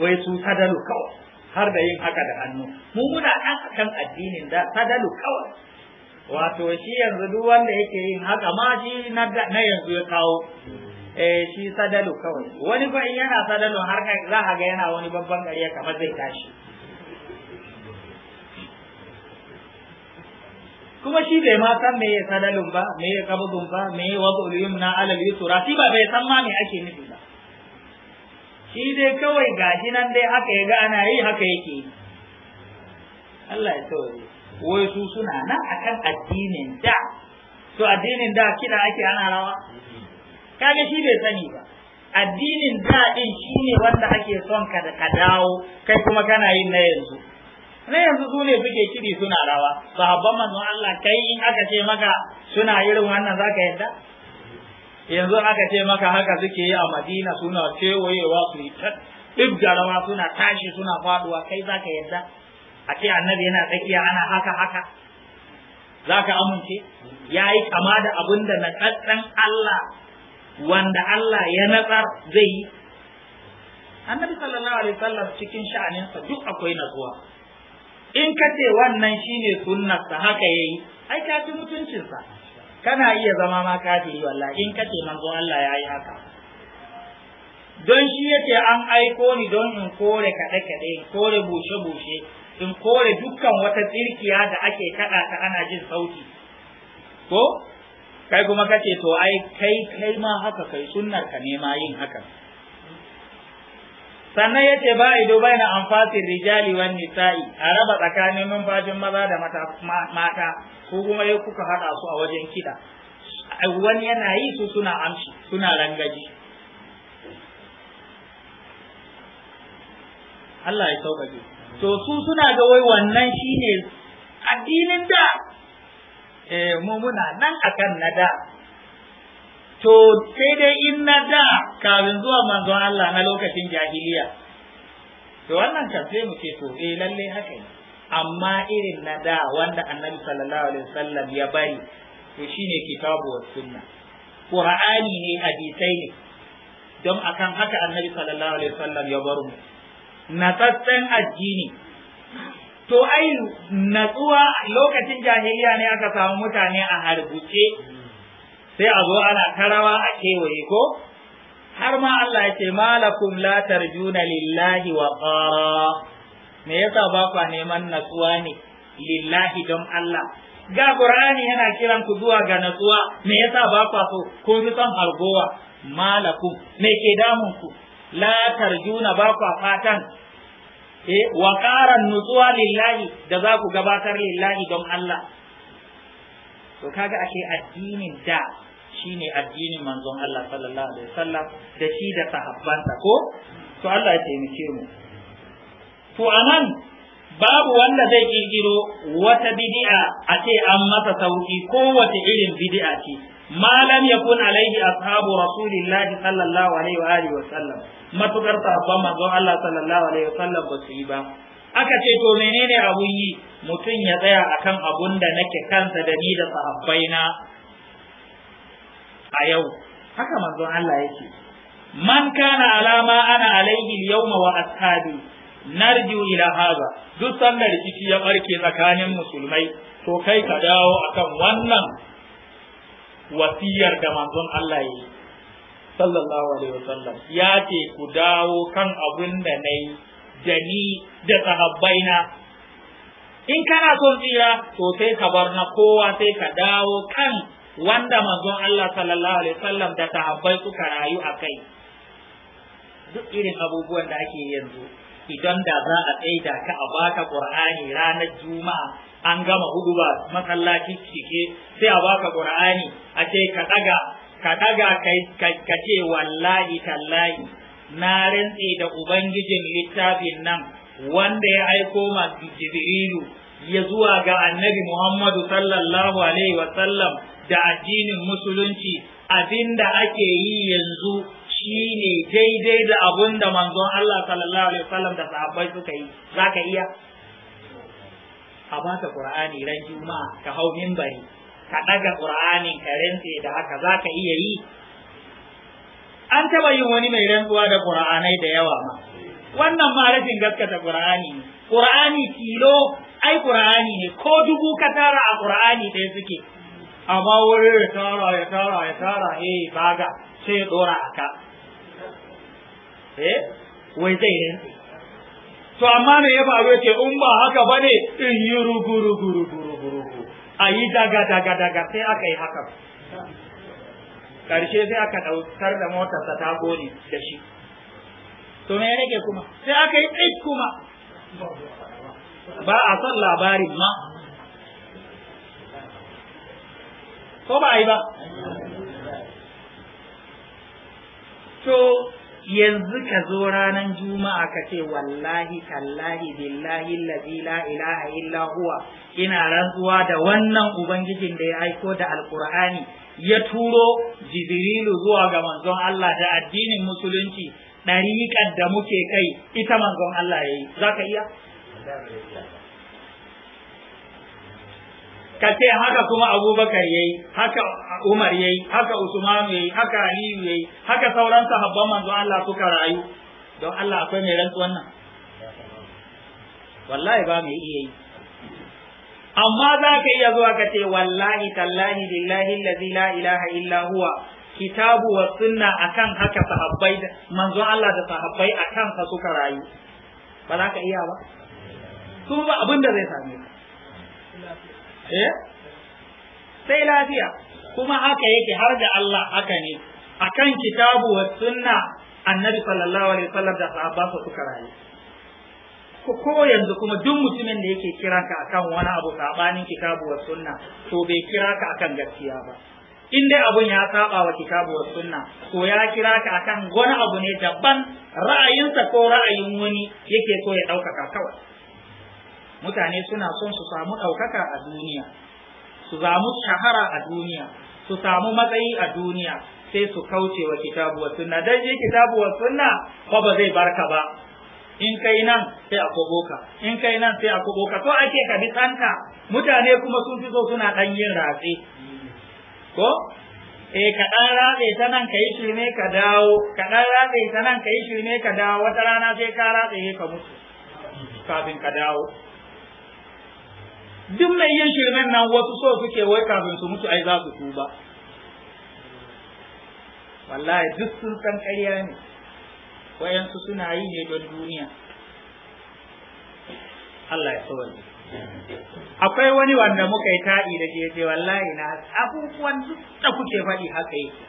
wai su sadalu kawai har da yin haka da hannu mu muna ɗan kan addinin da sadalu kawai wato shi yanzu duk wanda yake yin haka ma shi na yanzu ya kawo eh shi sadalu kawai wani ba in yana sadalu har za a ga yana wani babban ƙarya kamar zai tashi kuma shi bai ma san me ya sadalun ba me ya kabudun ba me ya wabu yumna alal yusra shi ba bai san ma me ake nufi shi dai kawai gashi nan dai aka yi ga ana yi haka yake Allah ya saurare wai su suna nan akan addinin da to addinin da kida ake ana rawa kaga shi bai sani ba addinin da din shine wanda ake son ka da ka dawo kai kuma kana yin na yanzu na yanzu su ne suke kiri suna rawa sahabban manzon Allah kai in aka ce maka suna irin wannan zaka yadda yanzu aka ce maka haka suke yi a madina suna cewayewa su yi ta rawa suna tashi suna faduwa kai za ka yadda a ce annabi yana tsakiya ana haka haka za ka amince ya yi kama da abin da natsatsen Allah wanda Allah ya natsar zai yi annabi sallallahu alaihi wasallam cikin sha'aninsa duk akwai natsuwa in ka ce wannan shine sunnarsa haka yayi ai ka fi mutuncinsa kana iya zama ma kafiri wallahi in kace manzo Allah ya yi haka don shi yace an aiko ni don in kore kaɗe kaɗe kore bushe bushe in kore dukkan wata tsirkiya da ake kaɗa ta ana jin sauti ko kai kuma kace to ai kai kai ma haka kai sunnar ka ne ma yin haka sannan yace ba ido bai na amfasin rijali wan nisa'i a raba tsakanin numfashin maza da mata ko kuma ya kuka haɗa su a wajen kiɗa wani yana yi su suna amshi suna rangaji Allah ya sauƙaƙe to su suna ga wai wannan shine addinin da eh mu muna nan akan na da to sai dai in na da kafin zuwa manzon Allah na lokacin jahiliya to wannan kan sai mu ce to eh lalle haka ne amma irin na da wanda annabi sallallahu alaihi wasallam ya bari to shine kitabu was sunna qur'ani ne hadisai ne don akan haka annabi sallallahu alaihi wasallam ya bar mu natsatsen addini to ai natsuwa lokacin jahiliya ne aka samu mutane a harbuce sai a zo ana rawa a kewaye ko har ma Allah ya ce malakum la tarjuna lillahi wa qara me yasa ba ku neman natsuwa ne lillahi don Allah ga Qur'ani yana kiran ku zuwa ga natsuwa me yasa ba ku so ko ku san hargowa malakum me ke damun ku la tarjuna ba ku fatan eh wa qara lillahi da za ku gabatar lillahi don Allah to kaga ashe addinin da shine addinin manzon Allah sallallahu alaihi wasallam da shi da sahabbansa ko to Allah ya taimake mu to anan babu wanda zai kirkiro wata bid'a a ce an masa sauki ko wata irin bid'a ce malam yakun alaihi ashabu rasulillah sallallahu alaihi wa alihi wasallam matukar sahabban manzon Allah sallallahu alaihi wasallam ba su yi ba aka ce to menene abun yi mutum ya tsaya akan abun da nake kansa da ni da sahabbaina a yau haka manzon Allah yake man kana alama ana alaihi yawma wa ashabi narju ila haza duk sanda rikici ya barke tsakanin musulmai to kai ka dawo akan wannan wasiyar da manzon Allah yi sallallahu alaihi wasallam ya ce ku dawo kan abin da nayi da ni da sahabbaina in kana son tsira to sai ka bar na kowa sai ka dawo kan wanda manzon Allah sallallahu alaihi wasallam da sahabbai suka rayu a kai duk irin abubuwan da ake yanzu idan da za a tsaida ka a baka qur'ani ranar juma'a an gama huduba masallaci cike sai a baka qur'ani a ce ka daga ka daga kai ka ce wallahi tallahi na rantse da ubangijin littafin nan wanda ya aiko ma jibrilu ya zuwa ga annabi muhammadu sallallahu alaihi wasallam da addinin musulunci abinda ake yi yanzu shine daidai da abun da manzon Allah sallallahu alaihi wasallam da sahabbai suka yi zaka iya a baka qur'ani ran juma'a ka hau minbari ka daga qur'anin ka rantse da haka zaka iya yi an taɓa yin wani mai rantsuwa da qur'anai da yawa ma wannan ma rashin gaskata qur'ani ne qur'ani kilo ai ƙur'ani ne ko dubu ka tara a qur'ani ɗaya suke amma wurin ya tara ya tara ya tara eh baga sai ya dora ka. eh wai zai ne to amma me ya faru ce, in ba haka ba ne? in yi rugu rugu rugu rugu rugu daga daga daga sai aka yi haka karshe sai aka daukar da motarsa ta gode da shi to me rage kuma sai aka yi tsik kuma ba a son labarin ma ko ba a yi ba to yanzu ka zo ranar juma'a ka ce wallahi tallahi billahi allazi la ilaha illa huwa ina rantsuwa da wannan ubangijin da ya aiko da alqur'ani ya turo jibrilu zuwa ga manzon Allah da addinin musulunci ɗariƙar da muke kai ita manzon Allah ya yi za ka iya ka ce haka kuma abubakar yayi haka umar yayi haka usman yayi haka aliyu yayi haka sauran sahabban manzo Allah suka rayu don Allah akwai mai rantsu wannan wallahi ba mai iya yi amma za ka iya zuwa ka ce wallahi tallahi billahi allazi la ilaha illa huwa kitabu wa sunna akan haka sahabbai manzo Allah da sahabbai akan sa suka rayu ba za ka iya ba su ba abin da zai same ka Eh? sai lafiya kuma haka yake har da Allah haka ne akan kitabu wa sunna annabi sallallahu alaihi wasallam da sahabba su suka rayu ko yanzu kuma duk mutumin da yake kira ka akan wani abu sabanin kitabu wa sunna to bai kira ka akan gaskiya ba in dai abun ya saba wa kitabu wa sunna ko ya kira ka akan wani abu ne daban ra'ayinsa ko ra'ayin wani yake so ya ɗaukaka kawai mutane suna son su samu ɗaukaka a duniya su samu shahara a duniya su samu matsayi a duniya sai su kauce wa kitabu wa sunna dan je kitabu wa sunna ko ba zai barka ba in kai nan sai a kobo ka in kai nan sai a kobo ka to ake ka bi tsanka mutane kuma sun fi so suna dan yin ratse ko eh ka dan ratse ta nan kai shirme ka dawo ka dan ratse ta nan kai shirme ka dawo wata rana sai ka ratse ka mutu kafin ka dawo duk mai yin shirmen nan wasu so suke wai kafin su mutu ai za su tuba wallahi duk sun san ƙarya ne wayansu suna yi ne don duniya Allah ya tsawon akwai wani wanda muka yi taɗi da jeje wallahi na abubuwan duk da kuke faɗi haka yake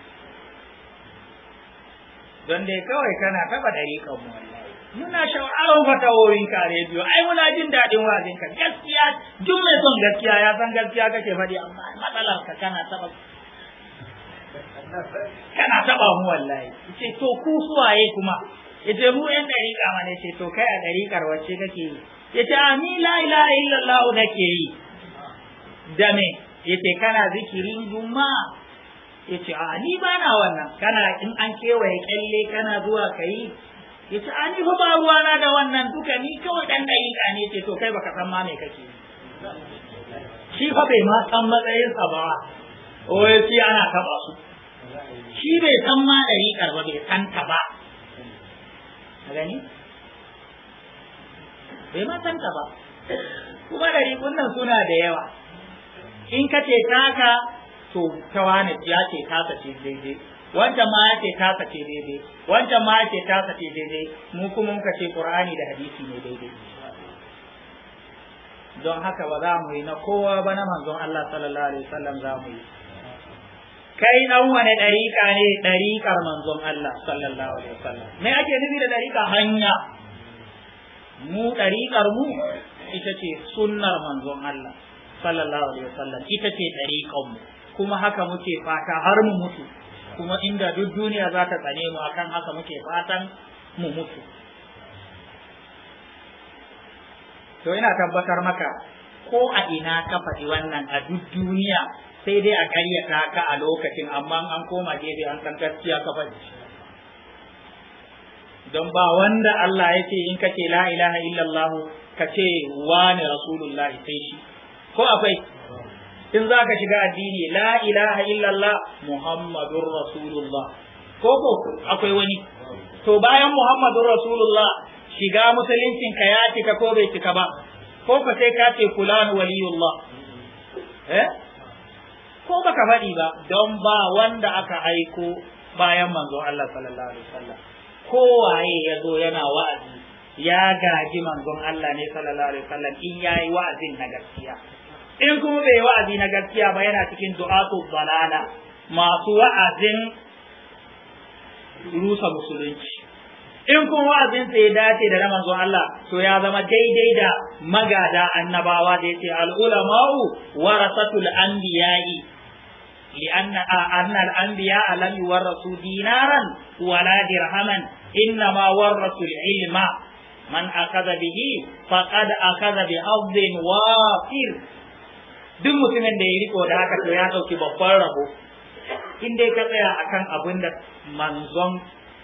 don dai kawai kana taɓa ɗari kan wallahi muna shawarar fatawoyin ka rediyo ai muna jin daɗin wajen ka gaskiya duk mai son gaskiya ya san gaskiya kake faɗi amma matsalar ka kana taɓa kana taɓa mu wallahi ce to ku suwaye kuma yace mu yan dariƙa ma ne ce to kai a dariƙar wacce kake yi yace a ni la ilaha illallah nake yi da me yace kana zikirin juma'a yace a ni ba na wannan kana in an kewaye kyalle kana zuwa kai ya ce ani fa ba ruwana da wannan duka ni kawai dan ka ne ce to kai baka san ma me kake shi fa bai ma san matsayinsa ba o ya ce ana taɓa su shi bai san ma ɗari ba bai san ta ba gani bai ma san ta ba kuma ɗariƙun nan suna da yawa in ka ce taka to ta wane ya ce taka ce daidai wancan ma ya ce tasa ce daidai wancan ma ya ce tasa ce daidai mu kuma muka ce qur'ani da hadisi ne daidai don haka ba za mu yi na kowa ba na manzon Allah sallallahu alaihi wasallam za mu yi kai dan wani dariƙa ne dariƙar manzon Allah sallallahu alaihi wasallam me ake nufi da dariƙa hanya mu dariƙar mu ita ce sunnar manzon Allah sallallahu alaihi wasallam ita ce dariƙar mu kuma haka muke fata har mu mutu kuma inda duk duniya za ta tsane mu akan haka muke fatan mu mutu to ina tabbatar maka ko a ina ka faɗi wannan a duk duniya sai dai a karya ka a lokacin amma an koma gefe an san gaskiya ka faɗi don ba wanda Allah ya ce in kace la ilaha illallah ka ce wani rasulullahi sai shi ko akwai in za ka shiga addini la ilaha illallah muhammadun rasulullah ko ko akwai wani to bayan muhammadun rasulullah shiga musuluncin ka ya cika ko bai cika ba ko ka sai ka ce fulan waliyullah eh ko baka faɗi ba don ba wanda aka aiko bayan manzo Allah sallallahu alaihi wasallam kowaye ya zo yana wa'azi ya gaji manzon Allah ne sallallahu alaihi wasallam in yayi wa'azin na gaskiya in kuma bai wa'azi na gaskiya ba yana cikin du'atu balala masu wa'azin rusa musulunci in kuma wa'azin sai ya dace da raman zuwa Allah to ya zama daidai da magada annabawa da yace al-ulama'u warasatul anbiya'i لأن أن الأنبياء لم يورثوا دينارا ولا درهما إنما ورثوا العلم من أخذ به فقد أخذ بحظ وافر duk mutumin da ya riko da haka to ya dauki babban rabo in dai ka tsaya akan abin da manzon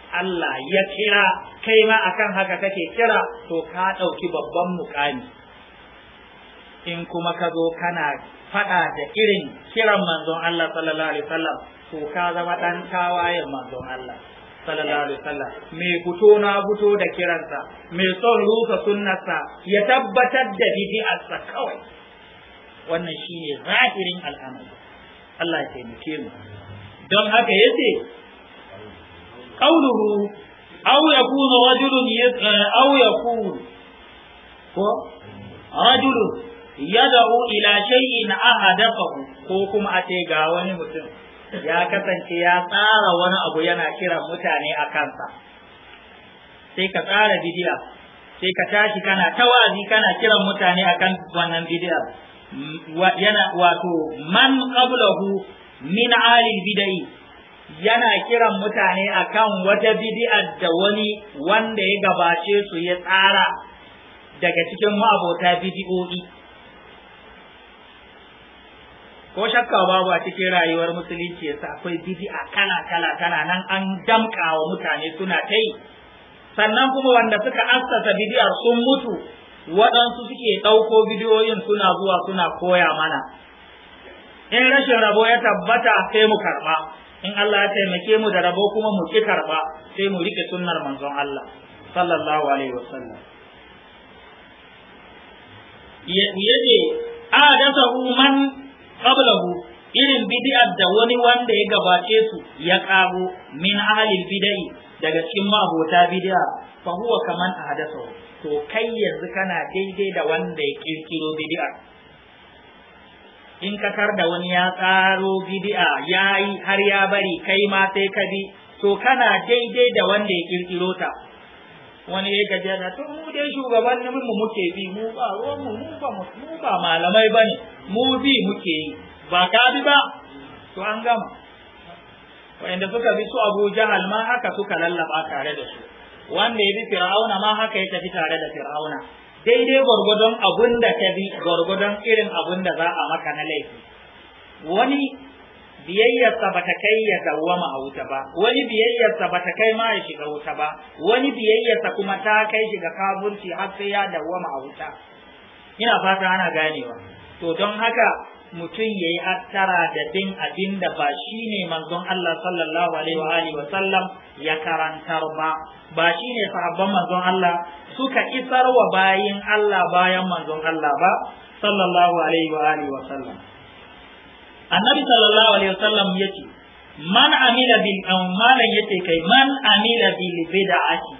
Allah ya kira kai ma akan haka kake kira to ka dauki babban mukami in kuma ka zo kana faɗa da irin kiran manzon Allah sallallahu alaihi wasallam to ka zama dan tawayen manzon Allah sallallahu alaihi wasallam mai fito na fito da kiransa mai son rusa sunnarsa ya tabbatar da bid'arsa kawai wannan shi ne zahirin al'amari Allah ya taimake mu don haka yace qawluhu aw yakunu rajulun aw yakunu ko ya yad'u ila shay'in ahadafahu ko kuma a ce ga wani mutum ya kasance ya tsara wani abu yana kiran mutane a kansa sai ka tsara bidiya sai ka tashi kana tawazi kana kiran mutane akan wannan bidiyar yana wato man qablahu min alil bidai yana kiran mutane akan wata bid'a da wani wanda ya gabace su ya tsara daga cikin ma'abota bid'o'i ko shakka babu a cikin rayuwar musulunci yasa akwai bid'a kala kala kana nan an damƙa wa mutane suna ta yi sannan kuma wanda suka assasa bid'ar sun mutu waɗansu suke ɗauko bidiyoyin suna zuwa suna koya mana in rashin rabo ya tabbata sai mu karɓa in Allah ya taimake mu da rabo kuma mu ƙi karɓa sai mu riƙe sunnar manzon Allah sallallahu alaihi wasallam yace a dasa umar qablahu irin bidiyar da wani wanda ya gabace su ya ƙago min ahalin bid'ah daga cikin ma'abota bid'a fa huwa kaman ahdathu to kai yanzu kana daidai da wanda ya kirkiro bid'a in ka da wani ya tsaro bid'a yayi har ya bari kai ma sai ka bi to kana daidai da wanda ya kirkiro ta wani ya gaje da to mu dai shugaban mu muke bi mu ba mu mu ba mu ba malamai bane mu bi muke yi ba ka bi ba to an gama wanda suka bi su abu jahal ma haka suka lallaba tare da su wanda ya bi fir'auna ma haka ya tafi tare da fir'auna daidai gwargwadon abun da ka bi gwargwadon irin abun da za a maka na laifi wani biyayyarsa ba ta kai ya dawwama a wuta ba wani biyayyarsa ba ta kai ma ya shiga wuta ba wani biyayyarsa kuma ta kai shiga kafurci har sai ya dawwama a wuta ina fata ana ganewa to don haka mutum ya yi hattara da bin abin da ba shi ne manzon Allah sallallahu alaihi wa sallam ya karantar ba ba shi ne sahabban manzon Allah suka isar wa bayin Allah bayan manzon Allah ba sallallahu alaihi wa sallam annabi sallallahu alaihi wa sallam yace man amila bil amalan yace kai man amila bil bid'ati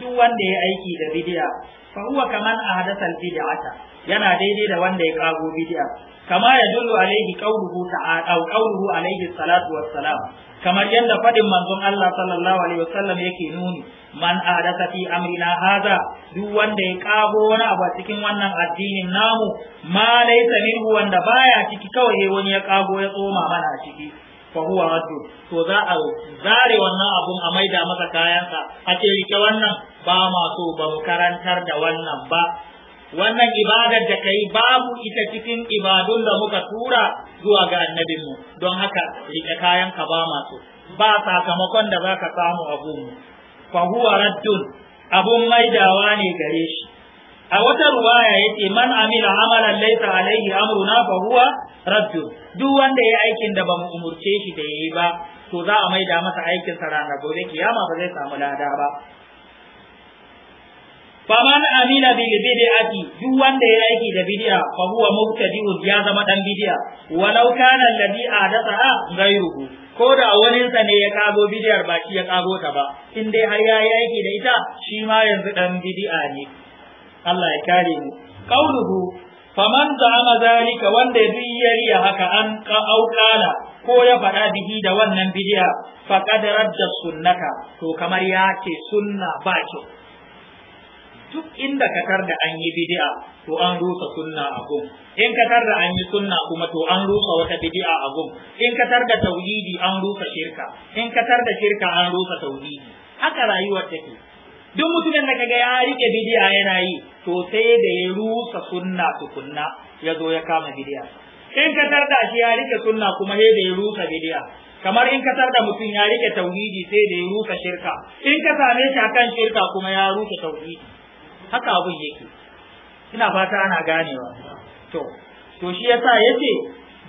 duk wanda ya aiki da bid'a fa huwa kaman ahdatha bid'ata yana daidai da wanda ya kago bid'a kama ya dullu alaihi qawluhu ta'ala aw qawluhu alaihi salatu wassalam kamar yadda fadin manzon Allah sallallahu alaihi wasallam yake nuni man ahdatha fi amrina hadha duk wanda ya kago wani abu a cikin wannan addinin namu ma laysa minhu wanda baya ciki kawai wani ya kago ya tsoma mana ciki fa huwa raddu to za a zare wannan abun a maida masa kayansa a ce rike wannan ba ma so ba mu karantar da wannan ba wannan ibadar da kai babu ita cikin ibadun da muka tura zuwa ga annabinmu don haka rike kayan ka ba masu ba sakamakon da za ka samu abunmu fa huwa raddun abun maidawa ne gare shi a wata ruwaya yace man amila amalan laysa alaihi amruna fa huwa raddun duk wanda ya aikin da bamu umurce shi da yayi ba to za a maida masa aikin sa ranar gobe kiyama ba zai samu lada ba faman amila bil bid'ati duk wanda ya aiki da bid'a fa huwa mubtadi'un ya zama dan bid'a walau kana alladhi adatha ghayruhu ko da wani sa ne ya kago bid'ar ba shi ya kago ta ba in dai har ya yi aiki da ita shi ma yanzu dan bid'a ne Allah ya kare mu qauluhu faman za'ama zalika wanda ya riya haka an ka ko ya faɗa bihi da wannan bid'a faqad radda sunnaka, to kamar ya ce sunna ba kyau duk inda ka tarda an yi bid'a to an rusa sunna a gun in ka tarda an yi sunna kuma to an rusa wata bid'a a gun in ka tarda tauhidi an rusa shirka in ka tarda shirka an rusa tauhidi haka rayuwar take duk mutumin da kaga ya rike bid'a yana yi to sai da ya rusa sunna tukunna ya zo ya kama bid'a in ka tarda shi ya rike sunna kuma sai da ya rusa bid'a kamar in ka da mutum ya rike tauhidi sai da ya rusa shirka in ka same shi akan shirka kuma ya rusa tauhidi haka abun yake ina fata ana ganewa to to shi yasa yace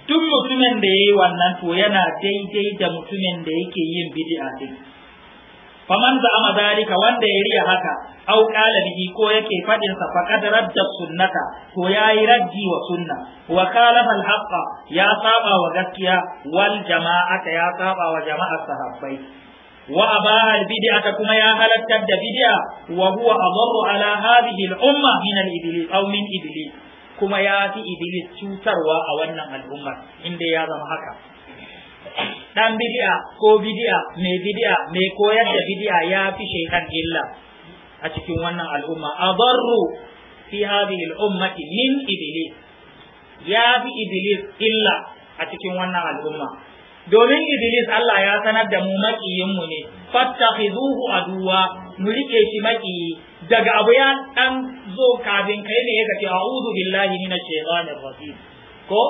duk mutumin da yayi wannan to yana daidai da mutumin da yake yin bid'a din faman za ama dalika wanda ya riya haka au qala bihi ko yake fadin sa faqad radda sunnata to yayi raddi wa sunna wa khalafa al ya saba wa gaskiya wal jama'a ya saba wa jama'ar sahabbai wa abaha ta kuma ya halattar da bid'a wa huwa adarru ala hadhihi al-umma min al-iblis aw min iblis kuma ya fi iblis cutarwa a wannan al'ummar inda ya zama haka dan bid'a ko bid'a mai bid'a mai koyar da bid'a ya fi shaytan illa a cikin wannan al'umma adarru fi hadhihi al-ummati min iblis ya fi iblis illa a cikin wannan al'umma domin iblis Allah ya sanar da mu makiyinmu ne fattakhizuhu aduwa mu rike shi maƙiyi daga abu ya dan zo kafin kai ne yake a'udhu billahi minash shaitanir rajim ko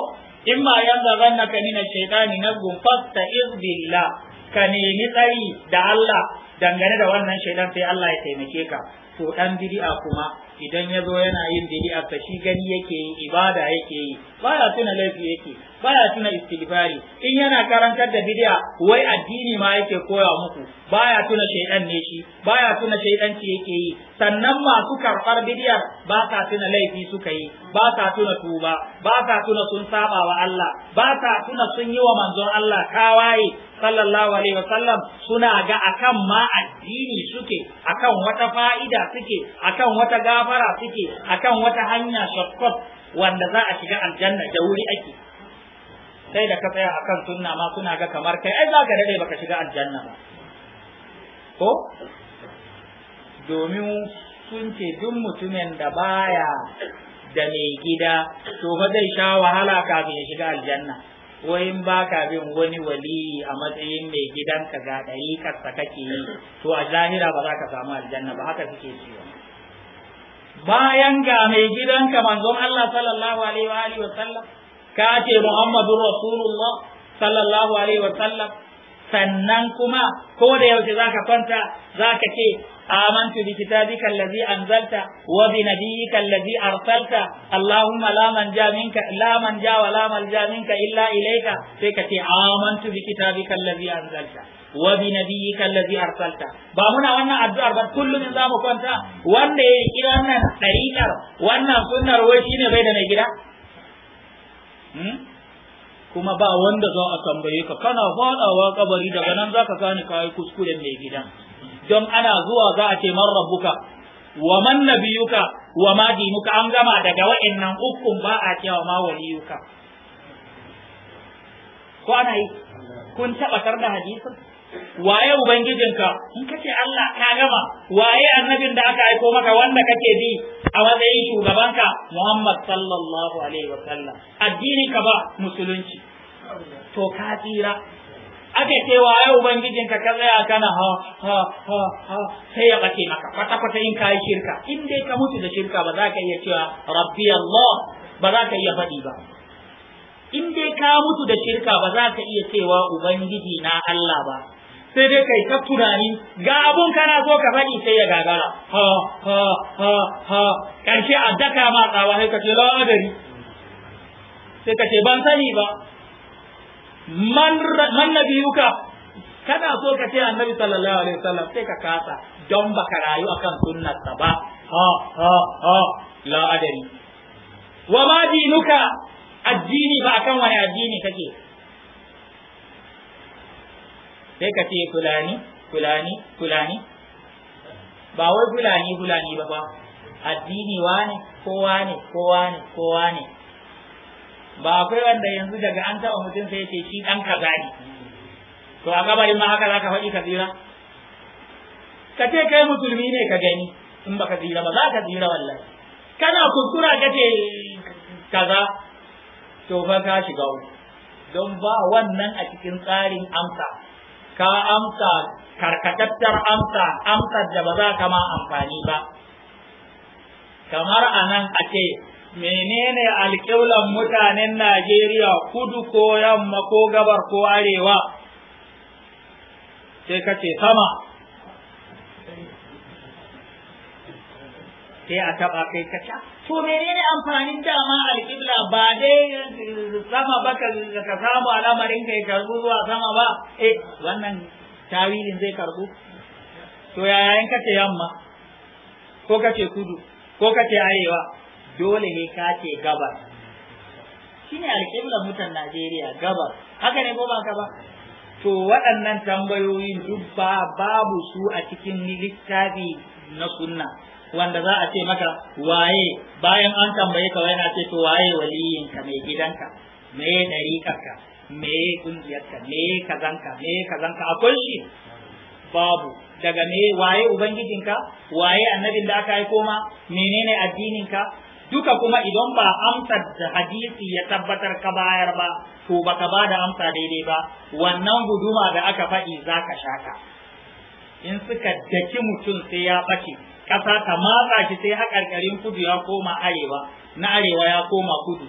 in ma yanda zanna ka minash shaitani nazgun fasta'iz billah ka nemi tsari da Allah dangane da wannan shaitan sai Allah ya taimake ka to dan bid'a kuma idan ya zo yana yin bid'a ta shi gani yake yi ibada yake yi baya tuna laifi yake baya tuna istighfari in yana karantar da bid'a wai addini ma yake koya muku baya tuna shaydan ne shi baya tuna shaydanci yake yi sannan masu karɓar bidiya ba sa tuna laifi suka yi ba sa tuna tuba ba sa tuna sun saba wa Allah ba sa tuna sun yi wa manzon Allah kawaye sallallahu alaihi wasallam suna ga akan ma addini suke akan wata fa'ida suke akan wata gafara suke akan wata hanya shortcut wanda za a shiga aljanna da wuri ake Sai da ka tsaya akan sunna ma suna ga kamar kai ai za ka dade baka shiga aljanna ba ko domin sun ce duk mutumin da baya da mai gida to fa zai sha wahala kafin ya shiga aljanna in ba ka bin wani wali a matsayin mai gidanka ga ɗari karsa kake yi to a zahira ba za ka samu aljanna ba haka suke cewa bayan ga mai gidanka manzon Allah sallallahu alaihi wa sallam ka ce muhammadu rasulullah sallallahu alaihi wa sallam sannan kuma ko da yaushe za ka kwanta Za ka ce amantu bi kitabika allazi anzalta wa bi nabiyyika allazi arsalta allahumma la manja minka la man ja wa la ja minka illa ilayka sai ka ce amantu bi kitabika allazi anzalta wa bi nabiyyika allazi arsalta ba muna wannan addu'ar ba kullum za mu kwanta wanda ya kira wannan dariƙar wannan sunnar wai shine bai da mai gida Hmm? kuma ba wanda za a tambaye ka kana faɗawa kabari daga nan zaka gane kayan kuskuren mai gidan don ana zuwa za a ce man rabbuka wa man nabiyuka wa ma dinuka an gama daga wa'annan ukun ba a cewa ma waliyuka ko ana yi kun taba da hadisin waye ubangijinka in kace Allah ka gama waye annabin da aka aiko maka wanda kake bi a matsayin shugabanka Muhammad sallallahu alaihi wa sallam addini ka ba musulunci to ka tsira ake ce waye ubangijinka ka tsaya kana ha ha ha ha sai ya bace maka kwata kwata in kai shirka in dai ka mutu da shirka ba za ka iya cewa rabbi Allah ba za ka iya faɗi ba in dai ka mutu da shirka ba za ka iya cewa ubangiji na Allah ba sai dai kai ta tunani ga abun kana so ka faɗi sai ya gagara ha ha ha ha karshe a daka ma tsawa sai ka ce la'adari sai ka ce ban sani ba man na biyu ka kana so ka ce annabi sallallahu alaihi wasallam sai ka kasa don ba ka rayu akan sunnarsa ba ha ha ha la'adari wa ma dinuka addini ba akan wani addini kake sai ka ce fulani fulani fulani ba wai fulani fulani ba ba addini wane kowa ne kowa ne kowa ne ba akwai wanda yanzu daga an taɓa mutum sai ce shi ɗan kaza ne to a gabarin ma haka za ka faɗi ka tsira ka ce kai musulmi ne ka gani in baka tsira ba za ka tsira wallahi kana kuskura ka ce kaza to fa ka shiga don ba wannan a cikin tsarin amsa ka amsa karkatattar amsa amsar da ba za ka ma amfani ba kamar a nan a ce menene alƙiblan mutanen najeriya kudu ko yamma ko gabar ko arewa sai ka ce sama sai a taɓa kai kaca to menene amfanin dama alƙibla ba dai sama ba ka samu al'amarin kai karbu zuwa sama ba eh wannan tawilin zai karbu to yaya in kace yamma ko kace kudu ko kace arewa dole ne kace gabas shine alƙibla mutan Najeriya gabas haka ne ko ba ka ba to waɗannan tambayoyin duk ba babu su a cikin littafi na sunna wanda za a ce maka waye bayan an tambaye ka yana ce to waye waliyinka mai gidanka mai ɗariƙarka mai ƙungiyarka mai kazanka mai kazanka a kunshi? babu daga me waye ubangijinka waye annabin da aka yi koma? menene addininka duka kuma idan ba amsar da hadisi ya tabbatar ka bayar ba to baka ba da amsa daidai ba wannan guduma da aka faɗi za zaka ka? in suka daki mutum sai ya ɓace ƙasa ta matsa shi sai haƙarƙarin kudu ya koma arewa na arewa ya koma kudu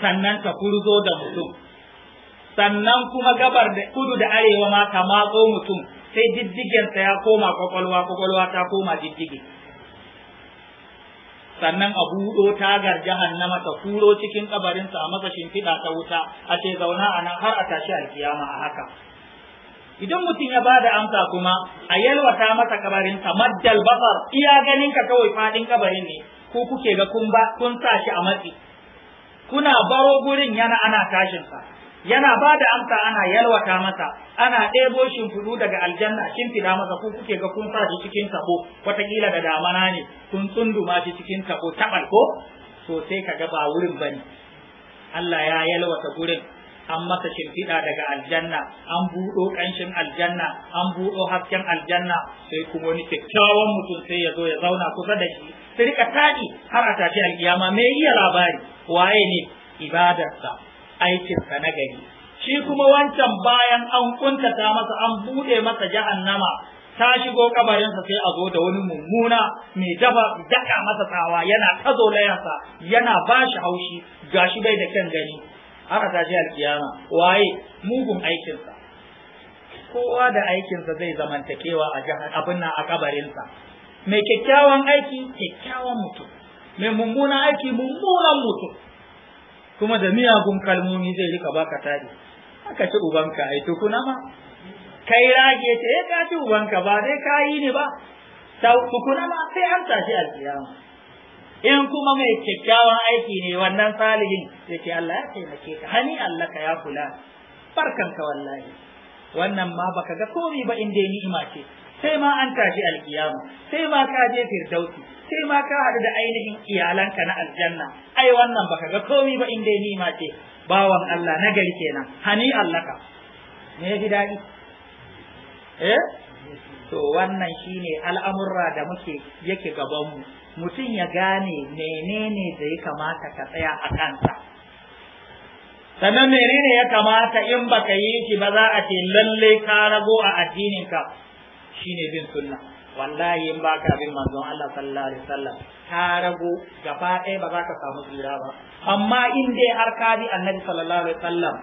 sannan ta kurzo da mutum sannan kuma gabar da kudu da arewa ma ta matso mutum sai diddigensa ya koma kwakwalwa kwakwalwa ta koma diddige sannan a buɗo tagar jahannama ta kuro cikin kabarinsa a masa shimfiɗa ta wuta a ce zauna a nan har a tashi alkiyama a haka idan mutum ya ba da amsa kuma a yalwata masa kabarin sa maddal iya ganin ka kawai fadin kabarin ne ko kuke ga kun ba kun sa shi a matsi kuna baro gurin yana ana tashin sa yana ba da amsa ana yalwata masa ana ɗebo shimfiɗu daga aljanna fida masa ko kuke ga kun sa shi cikin tabo wataƙila da damana ne kun tsunduma shi cikin tabo taɓal ko to sai ka ga ba wurin bane Allah ya yalwata gurin an masa shimfiɗa daga aljanna an buɗo ƙanshin aljanna an buɗo hasken aljanna sai kuma wani kyakkyawan mutum sai ya zo ya zauna kusa da shi sai rika taɗi har a tashi alƙiyama me iya labari waye ne ibadarsa aikinsa na gari shi kuma wancan bayan an kuntata masa an buɗe masa jahannama ta shigo kabarinsa sai a zo da wani mummuna mai dafa daka masa tsawa yana tazo layansa yana ba shi haushi gashi bai da kyan gani aka tashi alkiyama waye mugun aikinsa kowa da aikinsa zai zamantakewa a jihar abin nan a kabarinsa mai kyakkyawan aiki kyakkyawan mutum mai mummunan aiki mummunan mutum kuma da miyagun kalmomi zai rika baka tari aka ci ubanka ai tukuna ma kai rage ce eh, ka ci ubanka ba dai ka yi ne ba tukuna ma sai an tashi alkiyama in kuma mai kyakkyawan aiki ne wannan salihin ya ce Allah ya taimake ka hani Allah ka ya kula barkanka wallahi wannan ma baka ga komai ba inda ima ce sai ma an tashi alkiyama sai ma ka je firdausi sai ma ka haɗu da ainihin iyalanka na aljanna ai wannan baka ga komai ba inda ima ce bawan Allah na gari kenan hani Allah ka me ya fi daɗi eh to wannan shine al'amurra da muke yake gabanmu mu mutum ya gane menene da ya kamata ka tsaya a kansa sannan menene ya kamata in baka yi shi ba za a ce lalle ka rago a addininka shine bin sunna wallahi in baka bin manzon Allah sallallahu alaihi wasallam ka rago gaba ɗaya ba za ka samu tsira ba amma in dai har ka bi annabi sallallahu alaihi wasallam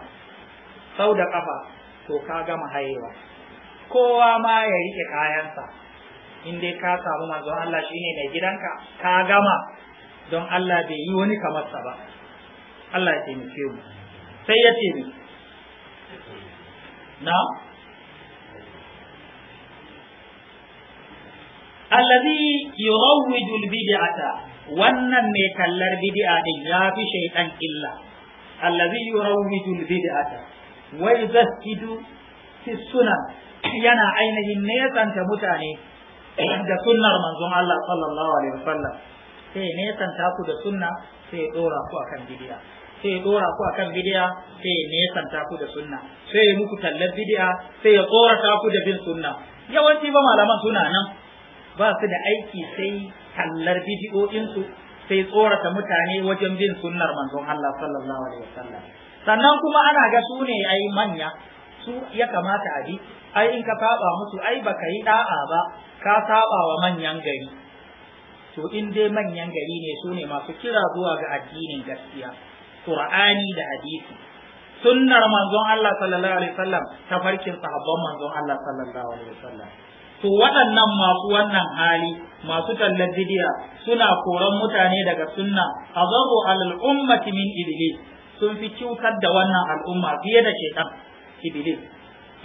sau da ƙafa to ka gama hayewa kowa ma ya rike kayansa in dai ka samu manzon Allah shine mai gidanka ka gama don Allah bai yi wani kamar sa ba Allah ya taimake mu sai ya ce na Allazi yurawwidu albid'ata wannan mai kallar bid'a din ya fi shaytan illa Allazi yurawwidu albid'ata wa yuzahhidu fi sunan yana ainihin nesanta mutane da sunnar manzon Allah sallallahu alaihi wasallam sai ne ta ku da sunna sai ya dora ku akan bid'a sai ya dora ku akan bid'a sai ya ta ku da sunna sai ya muku tallar bid'a sai ya tsorata ku da bin sunna yawanci ba malaman suna nan ba su da aiki sai tallar bid'o'in su sai tsorata mutane wajen bin sunnar manzon Allah sallallahu alaihi wasallam sannan kuma ana ga su ne ai manya su ya kamata a bi ai in ka saba musu ai baka yi da'a ba ka saba wa manyan gari to in dai manyan gari ne su ne masu kira zuwa ga addinin gaskiya qur'ani da hadisi sunnar manzon Allah sallallahu alaihi wasallam tafarkin sahabban manzon Allah sallallahu alaihi wasallam to waɗannan masu wannan hali masu tallar bidiya suna koran mutane daga sunna azabu alal ummati min iblis sun fi cutar da wannan al'umma fiye da shekaru iblis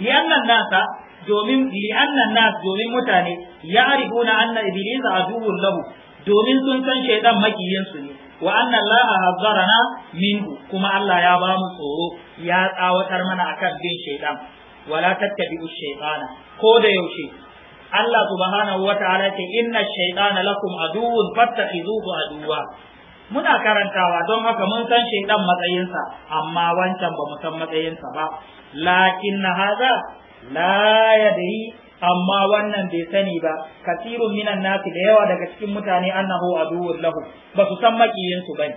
li'annan nasa domin mutane nas domin mutane ya'rifuna anna iblisa aduwwun lahu domin sun san shaydan makiyin su ne wa anna allaha hazzarana minhu kuma Allah ya ba mu tsoro ya tsawatar mana akan bin shaydan wala tattabi'u shaytana ko da yaushe Allah subhanahu wa ta'ala ce inna shaytana lakum aduwwun fattakhizuhu aduwwa muna karantawa don haka mun san shaidan matsayinsa amma wancan ba mu san matsayinsa ba lakin na haza la yadri amma wannan bai sani ba kasirun minan nasi da yawa daga cikin mutane annahu aduwwun lahu ba su san makiyin su bane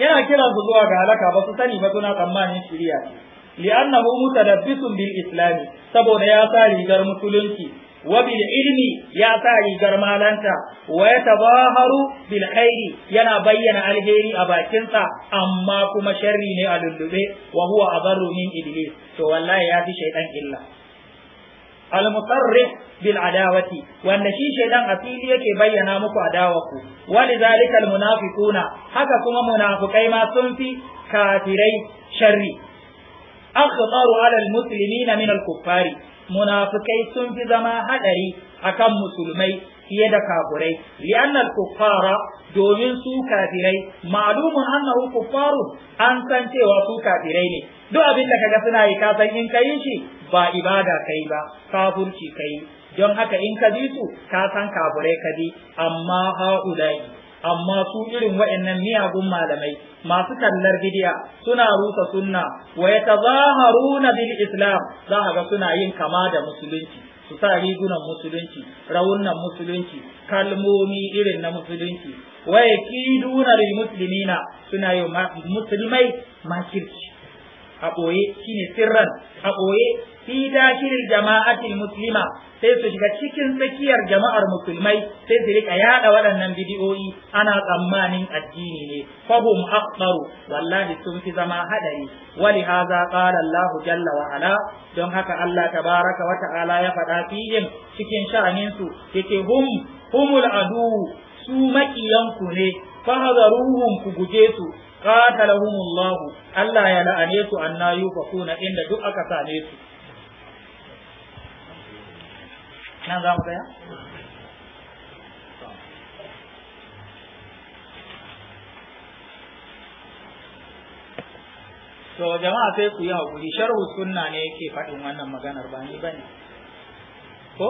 yana kiran su zuwa ga halaka ba su sani ba suna tsammanin shiriya ce li'annahu mutadabbisun bil islami saboda ya sa rigar musulunci wabil ilmi ya sa rigar malanta wa ya tazaharu bil khairi yana bayyana alheri a bakinsa amma kuma sharri ne a lullube wa a adarru min iblis to wallahi ya fi shaytan illa al musarrif bil adawati wanda shi shaydan asili yake bayyana muku adawaku walizalika al munafiquna haka kuma munafukai ma sun fi kafirai sharri akhdaru ala almuslimina min alkuffari munafikai sun fi zama hadari akan musulmai fiye da kafurai li'anna al-kuffara domin su kafirai ma'lumun annahu kuffaru an san cewa su kafirai ne duk abin da kaga suna yi ka san in kai shi ba ibada kai ba kafurci kai don haka in ka bi su ka san kafurai ka bi amma ha'ulai amma su irin wa'annan miyagun malamai masu kallar bidiya suna rusa sunna wa yatazaharuna bil islam za a ga suna yin kama da musulunci su sa rigunan musulunci raunan musulunci kalmomi irin na musulunci wa yakiduna lil muslimina suna yin musulmai makirci a ɓoye shine sirran a ɓoye fi dakilil jama'atil muslima sai su shiga cikin tsakiyar jama'ar musulmai sai su rika yada waɗannan bidiyoyi ana tsammanin addini ne fahum akbaru wallahi sun fi zama hadari wali haza qala Allah jalla wa ala don haka Allah tabaraka wa ta'ala ya faɗa fiyin cikin sha'anin su yake hum humul adu su ku ne fahadaruhum ku guje su qatalahumullahu Allah ya la'ane su annayu fakuna inda duk aka same su nan za mu tsaya to jama'a sai ku yi haƙuri sharhu sunna ne yake faɗin wannan maganar ba ni ko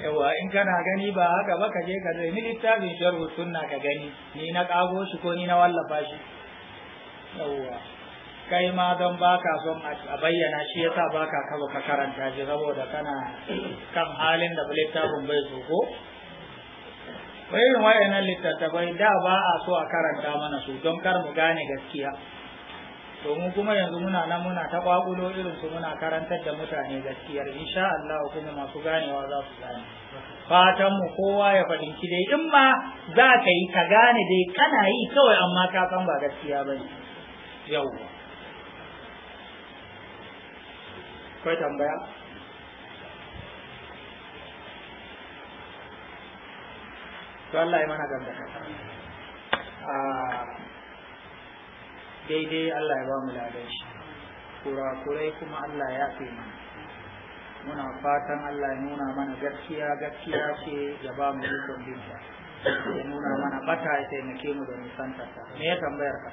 yawa in kana gani ba haka ba ka je ka zai ni littafin sharhu sunna ka gani ni na ƙago shi ko ni na wallafa shi yawa kai ma don baka son a bayyana shi yasa baka kaba ka karanta shi saboda kana kan halin da littafin bai so ko irin wayannan littattafai da ba a so a karanta mana su don kar mu gane gaskiya to mu kuma yanzu muna nan muna ta kwakulo irin su muna karantar da mutane gaskiyar insha Allah kuma masu ganewa za su gane fatan mu kowa ya fahimci dai in ma za ka yi ka gane dai kana yi kawai amma ka san ba gaskiya bane yauwa kai tambaya to Allah ya mana gamba a ah, daidai Allah ya ba mu ladan shi kurakurai kuma Allah ya fi mana muna fatan Allah ya nuna mana gaskiya gaskiya ce ya ba mu ikon binta ya nuna mana bata ya taimake mu da nisanta me ya tambayar ka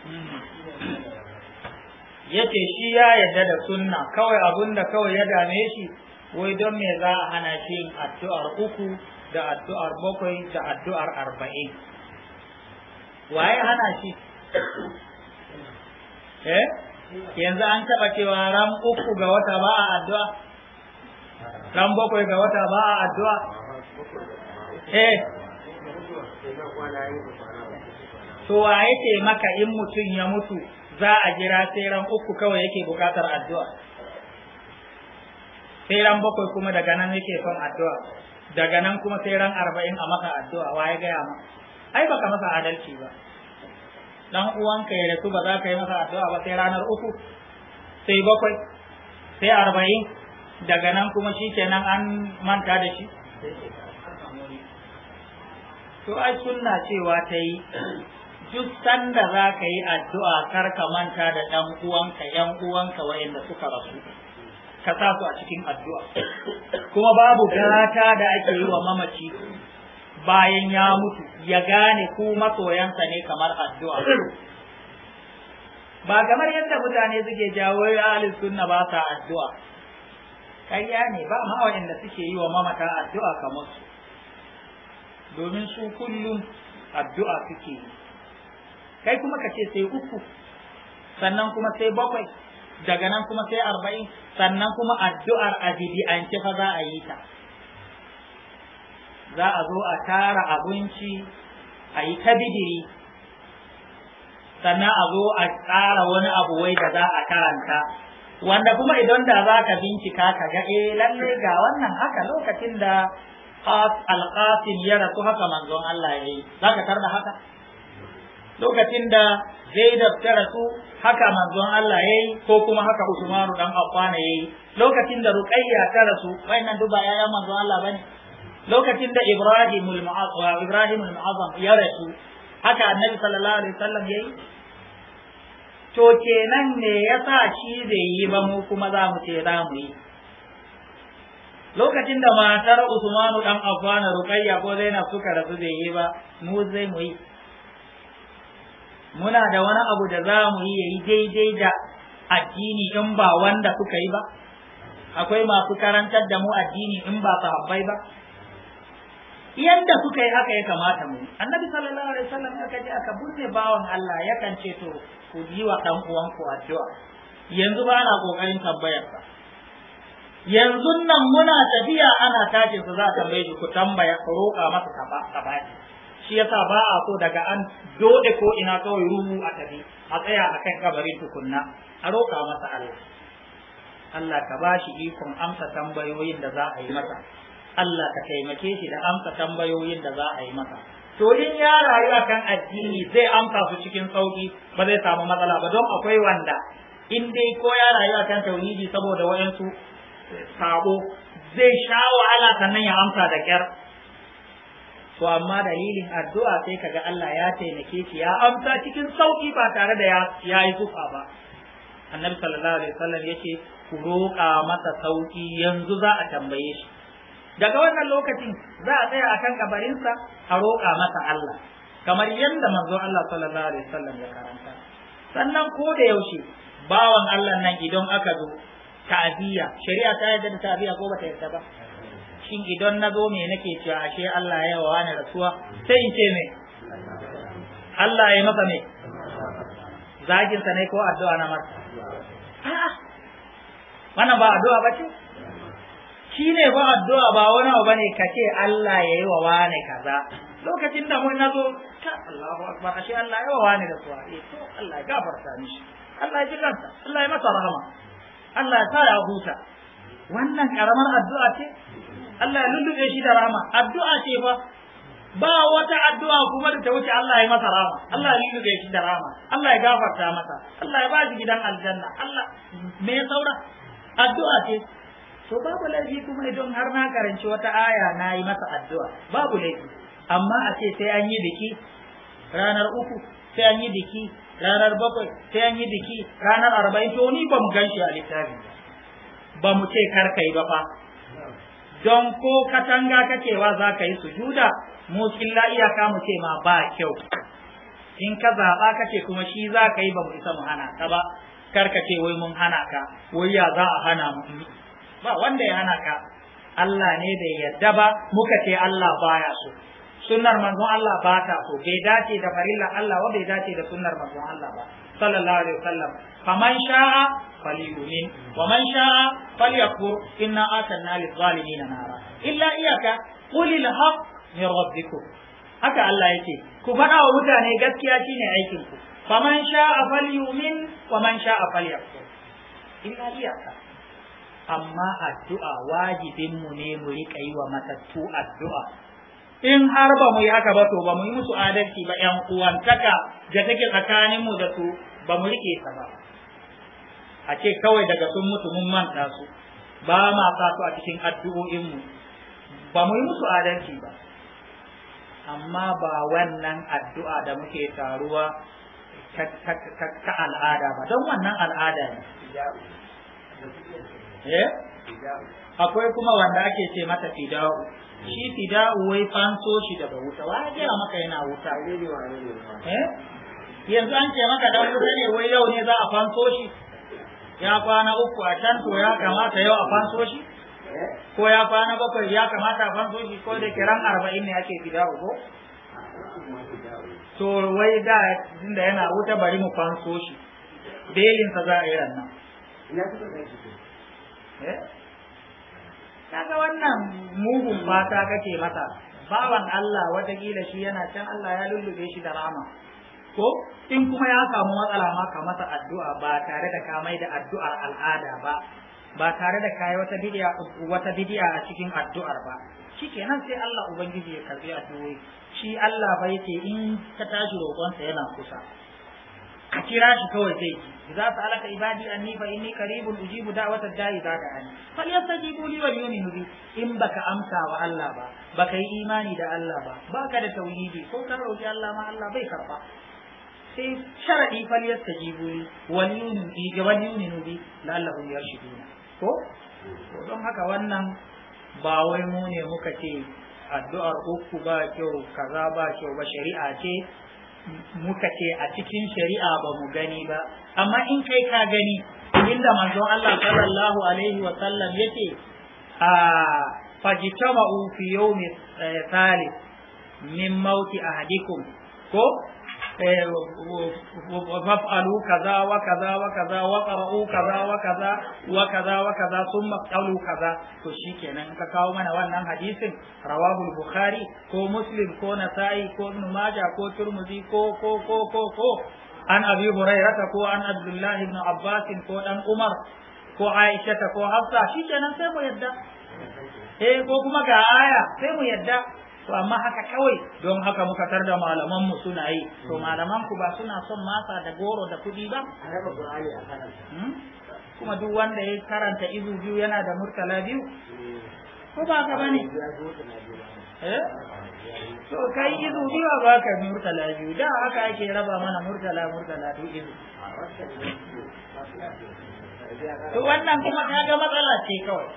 Hmm. ya ce shi ya yarda da sunna kawai abunda kawai ya dame shi wai don me za a hana shi yin addu'ar uku da addu'ar bakwai da addu'ar arba'in waye hana shi eh yanzu an taɓa cewa ran uku ga wata ba a addu'a ran bakwai ga wata ba a addu'a eh to wa yake maka in mutum ya mutu za a jira sai ran uku kawai yake bukatar addu'a sai ran bakwai kuma daga nan yake son addu'a daga nan kuma sai ran arba'in a maka addu'a wa ya gaya ma ai baka masa adalci ba dan uwanka ya rasu ba za ka yi masa addu'a ba sai ranar uku sai bakwai sai arba'in daga nan kuma shi kenan an manta da shi to ai sunna cewa ta yi duk sanda za ka yi addu'a kar ka manta da ɗan uwanka ‘yan uwanka wa'inda suka rasu ka sa su a cikin addu'a kuma babu gata da ake yi wa mamaci bayan ya mutu ya gane ku masoyansa ne kamar addu'a ba kamar yadda mutane suke jawo ya sunna ba sa addu'a ƙarya ne ba ma wa'inda suke yi wa mamata addu'a kamar su domin su kullum addu'a suke yi kai kuma ka ce sai uku sannan kuma sai bakwai daga nan kuma sai arba'in sannan kuma addu'ar a ce fa za a yi ta za a zo a tara abinci a yi ta bidiri sannan a zo a tsara wani abu wai da za a karanta wanda kuma idan da za ka bincika ka ga e eh, lalle ga wannan haka lokacin da alƙasim ya rasu haka manzon Allah ya yi za ka tarda haka lokacin da zaidab ta rasu haka manzon Allah ya yi ko kuma haka usmanu dan affana ya yi lokacin da ruqayya ta rasu wayannan duk ba ƴaƴan manzon Allah bane lokacin da ibrahim al-mu'azzam ibrahim al-mu'azzam ya rasu haka annabi sallallahu alaihi wasallam ya yi to kenan ne yasa shi zai yi ba mu kuma za mu ce za mu yi lokacin da matar Usmanu dan Affan Ruqayya ko Zainab suka rasu bai yi ba mu zai mu yi muna da wani abu da za mu yi yayi daidai da addini in ba wanda suka yi ba akwai masu karantar da mu addini in ba sahabbai ba yadda suka yi haka ya kamata mu annabi sallallahu alaihi wasallam aka je aka burne bawan Allah yakan ce to ku yi wa dan uwanku addu'a yanzu ba na kokarin tabbayar yanzu nan muna tafiya ana tashi su za ta mai ku tambaya ku roƙa masa ka ba shi yasa ba a so daga an dode ko ina kawai ruhu a tafi a tsaya a kan kabari tukunna a roƙa masa Allah Allah ka bashi ikon amsa tambayoyin da za a yi masa Allah ka taimake shi da amsa tambayoyin da za a yi masa to in ya rayu akan addini zai amsa su cikin sauki ba zai samu matsala ba don akwai wanda in dai ko ya rayu akan tauhidi saboda wayansu sabo zai sha wahala sannan ya amsa da kyar to amma dalilin addu'a sai kaga Allah ya taimake shi ya amsa cikin sauki ba tare da ya yi kufa ba annabi sallallahu alaihi wasallam yake ku roƙa masa sauki yanzu za a tambaye shi daga wannan lokacin za a tsaya akan kabarinsa a roƙa masa Allah kamar yadda manzo Allah sallallahu alaihi wasallam ya karanta sannan ko da yaushe bawan Allah nan idan aka zo ta'ziya shari'a ta yarda da ta'aziyya ko bata yarda ba shin idan na zo me nake cewa ashe Allah ya wa ni rasuwa sai in ce me Allah ya maka me zagin sa ne ko addu'a na masa a'a wannan ba addu'a ba ce shi ne ba addu'a ba wani abu bane ce Allah ya yi wa wani kaza lokacin da mun nazo ta Allahu akbar ashe Allah ya wa wani rasuwa eh to Allah ya gafarta mishi Allah ya ji Allah ya masa rahama Allah ya sa ya huta wannan karamar addu'a ce Allah ya lullube shi da rama addu'a ce fa ba wata addu'a kuma da ta wuce Allah ya masa rama Allah ya lullube shi da rama Allah ya gafarta masa Allah ya ba shi gidan aljanna Allah me ya saura addu'a ce to babu laifi kuma idan har na karanci wata aya na yi masa addu'a babu laifi amma a ce sai an yi biki ranar uku sai an yi biki ranar bakwai sai an yi biki ranar arba'in to ni ba mu gan shi a littafi ba mu ce kar kai ba fa don ko katanga kakewa za ka yi sujuda mu illa iyaka mu ce ma ba kyau in ka zaɓa kake kuma shi za ka yi ba mu isa mu hana ka ba kar ka ce wai mun hana ka wai ya za a hana mu ba wanda ya hana ka Allah ne bai yarda ba muka ce Allah baya so sunnar manzon Allah ba ta so bai dace da farilla Allah wa bai dace da sunnar manzon Allah ba sallallahu alaihi wasallam faman sha'a falyumin wa man sha'a falyakfur inna atanna lizalimin nara illa iyaka qulil haqq min rabbikum haka Allah yake ku faɗa wa mutane gaskiya shine aikin ku faman sha'a falyumin wa man sha'a falyakfur illa iyaka amma addu'a wajibinmu ne mu riƙa yi wa matattu addu'a in har ba mu yi haka ba to ba mu yi musu adalci ba yan uwantaka da take tsakanin mu da su ba mu rike ta ba a ce kawai daga sun mutu mun manta su ba ma sa su a cikin addu'o'in mu ba mu yi musu adalci ba amma ba wannan addu'a da muke taruwa ta al'ada ba don wannan al'ada ne eh? akwai kuma wanda ake ce mata fida'u shi da wai fanso shi daga wuta wa gaya maka yana wuta eh? yanzu an ce maka dan wuta ne wai yau ne za a fanso shi ya kwana uku a can to ya kamata yau a fanso shi ko ya kwana bakwai ya kamata a fanso shi ko da kiran arba'in ne ake fida ko to wai da inda yana wuta bari mu fanso shi belinsa za a yi rannan kaga wannan mugun fata kake mata bawan Allah watakila shi yana can Allah ya lullube shi da rama ko in kuma ya samu matsala ma ka masa addu'a ba tare da ka mai da addu'ar al'ada ba ba tare da kayi wata bidiya wata bidiya a cikin addu'ar ba shikenan sai Allah ubangiji ya karbi addu'o'i shi Allah ba yake in ka tashi roƙonsa yana kusa ka kira shi kawai sai za su alaka ibadi anni fa inni qaribun ujibu da'wata da'i daga ani fal yastajibu li wal yumin bi in baka amsa wa Allah ba baka yi imani da Allah ba baka da tauhidi ko ka roki Allah ma Allah bai karba sai sharadi fal yastajibu li wal yumin bi ga wal yumin bi ya yarshuduna ko don haka wannan ba wai mu ne muka ce addu'ar uku ba kyau kaza ba kyau ba shari'a ce muka ce a cikin shari'a ba mu gani ba amma in kai ka gani inda manzon Allah sallallahu alaihi wa sallam yake a fajtama'u fi yawmi eh, thalith min mauti ahadikum ko faf'alu kaza wa kaza wa kaza wa kaza wa kaza wa kaza wa kaza thumma qalu kaza to shikenan ka kawo mana wannan hadisin Rawahul bukhari ko muslim ko nasa'i ko ibn ko turmuzi ko ko ko ko an abi hurairata ko an abdullahi ibn abbas ko dan umar ko aisha ko hafsa shikenan sai mu yadda eh ko kuma ga aya sai mu yadda to amma haka kawai don haka muka tar da malaman mu suna yi to malaman ku ba suna son masa da goro da kudi ba a raba qur'ani a karanta hmm? kuma duk wanda ya karanta izu biyu yana da murtala biyu ko ba ka bane eh to kai izu biyu a baka murtala biyu da haka ake raba mana murtala murtala to izu to wannan kuma kaga matsala ce kawai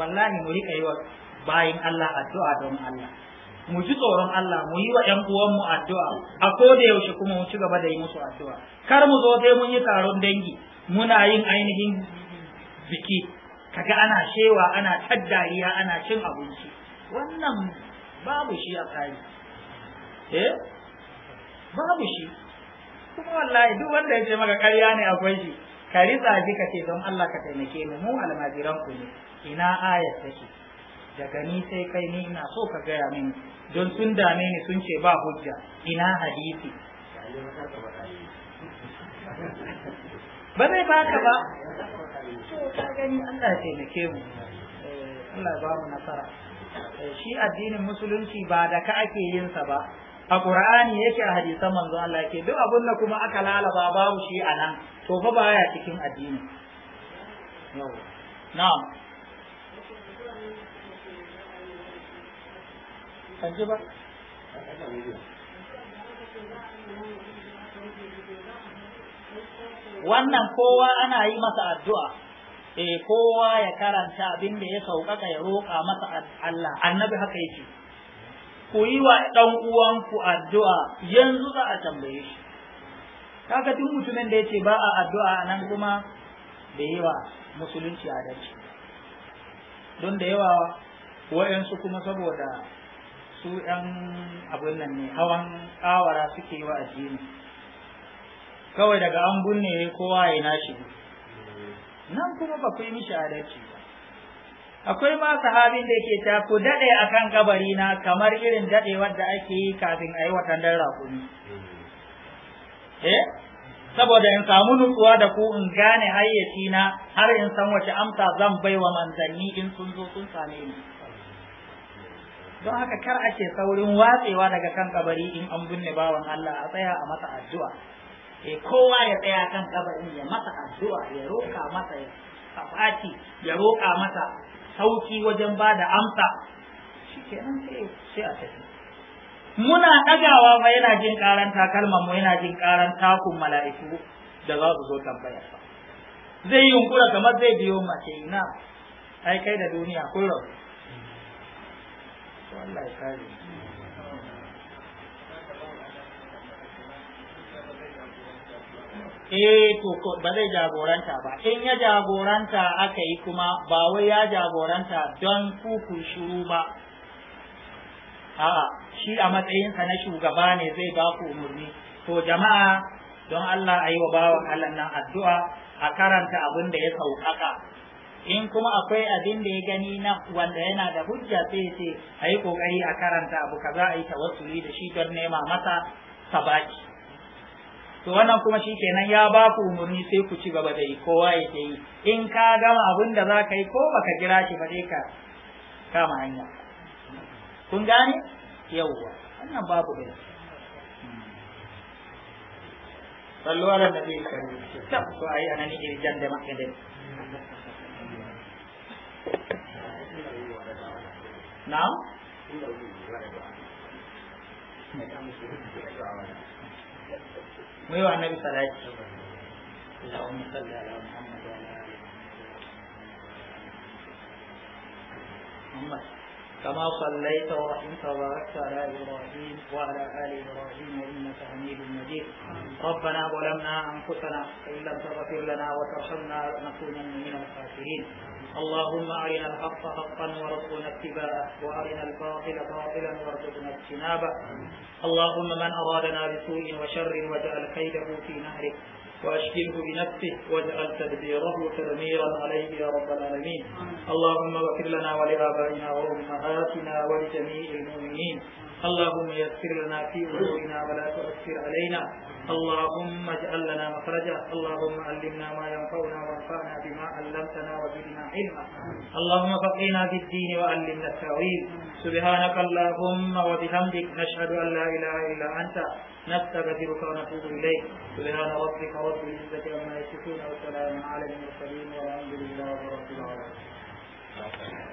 wallahi mu rika yi wa bayin Allah addu'a don Allah mu ji tsoron Allah mu yi wa ƴan uwanmu addu'a a ko da yaushe kuma mu ci gaba da yi musu addu'a kar mu zo dai mun yi taron dangi muna yin ainihin biki kaga ana shewa ana taddariya ana cin abinci wannan babu shi a kai. eh babu shi kuma wallahi duk wanda ya ce maka ƙarya ne akwai shi ka ritsa ji ka ce don Allah ka taimake mu mu almajiran ku ne ina ayat take daga ni sai kai ni ina so ka gaya min don sun dame ni sun ce ba hujja ina hadisi ba zai baka ba to ka gani Allah taimake mu eh, Allah ba mu nasara eh, shi addinin musulunci ba da ka ake yin sa ba a Qur'ani yake a hadisan manzo Allah yake duk abin da kuma aka lalaba babu shi anan to fa baya cikin addini na'am wannan kowa ana yi masa addu'a eh kowa ya karanta abin da ya sauƙaƙa ya roƙa masa Allah annabi haka yake ku yi wa ɗan uwanku addu'a yanzu za a tambaye shi kaga mutumin da ya ce ba a addu'a nan kuma da yawa musulunci adalci don da yawa wa'yansu kuma saboda su yan abin nan ne hawan kawara suke yi wa addini kawai daga an binne kowa ya nashi nan kuma ba ku yi mishi adalci ba akwai ma sahabin da yake ta ku daɗe a kan kabari na kamar irin daɗewar da ake yi kafin a yi tandar raƙumi eh saboda in samu nutsuwa da ku in gane hayyacina har in san wace amsa zan bai wa manzanni in sun zo sun same ni don haka kar a ake saurin watsewa daga kan kabari in an binne bawan Allah a tsaya a masa addu'a eh kowa ya tsaya kan kabarin ya masa addu'a ya roƙa masa safati ya roƙa masa sauki wajen ba da amsa shikenan sai sai a tafi muna ɗagawa fa yana jin ƙaran takalman mu yana jin ƙaran takun mala'iku da za su zo tambayar sa zai yunkura kamar zai biyo mace ina ai kai da duniya kullum. eh to ba zai jagoranta ba in ya jagoranta aka yi kuma ba wai ya jagoranta don kuku shuru ba a'a shi a matsayinsa na shugaba ne zai ba ku umarni to jama'a don Allah a yi wa bawan Allah nan addu'a a karanta abin da ya sauƙaƙa in kuma akwai abin da ya gani na wanda yana da hujja sai ce a yi kokari a karanta abu za a yi tawassuli da shi don nema masa sabaki to wannan kuma shi kenan ya ba ku umarni sai ku ci gaba da yi kowa ya ke yi in ka gama abin da za ka yi ko baka kira shi ba dai ka kama hanya kun gane yawwa wannan babu bai sallu ala nabi sallallahu alaihi wasallam to ayi anani irjan da makadin نعم ويوعى النبي صلى الله عليه وسلم اللهم صل على محمد وعلى آله محمد كما صليت ورحمت وباركت على ابراهيم وعلى ال ابراهيم انك حميد مجيد ربنا ظلمنا انفسنا فان لم تغفر لنا وترحمنا لنكونن من الخاسرين اللهم أرنا الحق حقا وارزقنا اتباعه وأرنا الباطل باطلا وارزقنا اجتنابه اللهم من أرادنا بسوء وشر واجعل كيده في نهره وأشكله بنفسه واجعل تدبيره تدميرا عليه يا رب العالمين اللهم اغفر لنا ولآبائنا وأمهاتنا ولجميع المؤمنين اللهم يسر لنا في أمورنا ولا تؤثر علينا اللهم اجعل لنا مخرجا اللهم علمنا ما ينفعنا وانفعنا بما علمتنا وزدنا علما اللهم فقنا في الدين وعلمنا التاويل سبحانك اللهم وبحمدك نشهد ان لا اله الا انت نستغفرك ونتوب اليك سبحان ربك رب العزه عما يصفون وسلام على المرسلين والحمد لله رب العالمين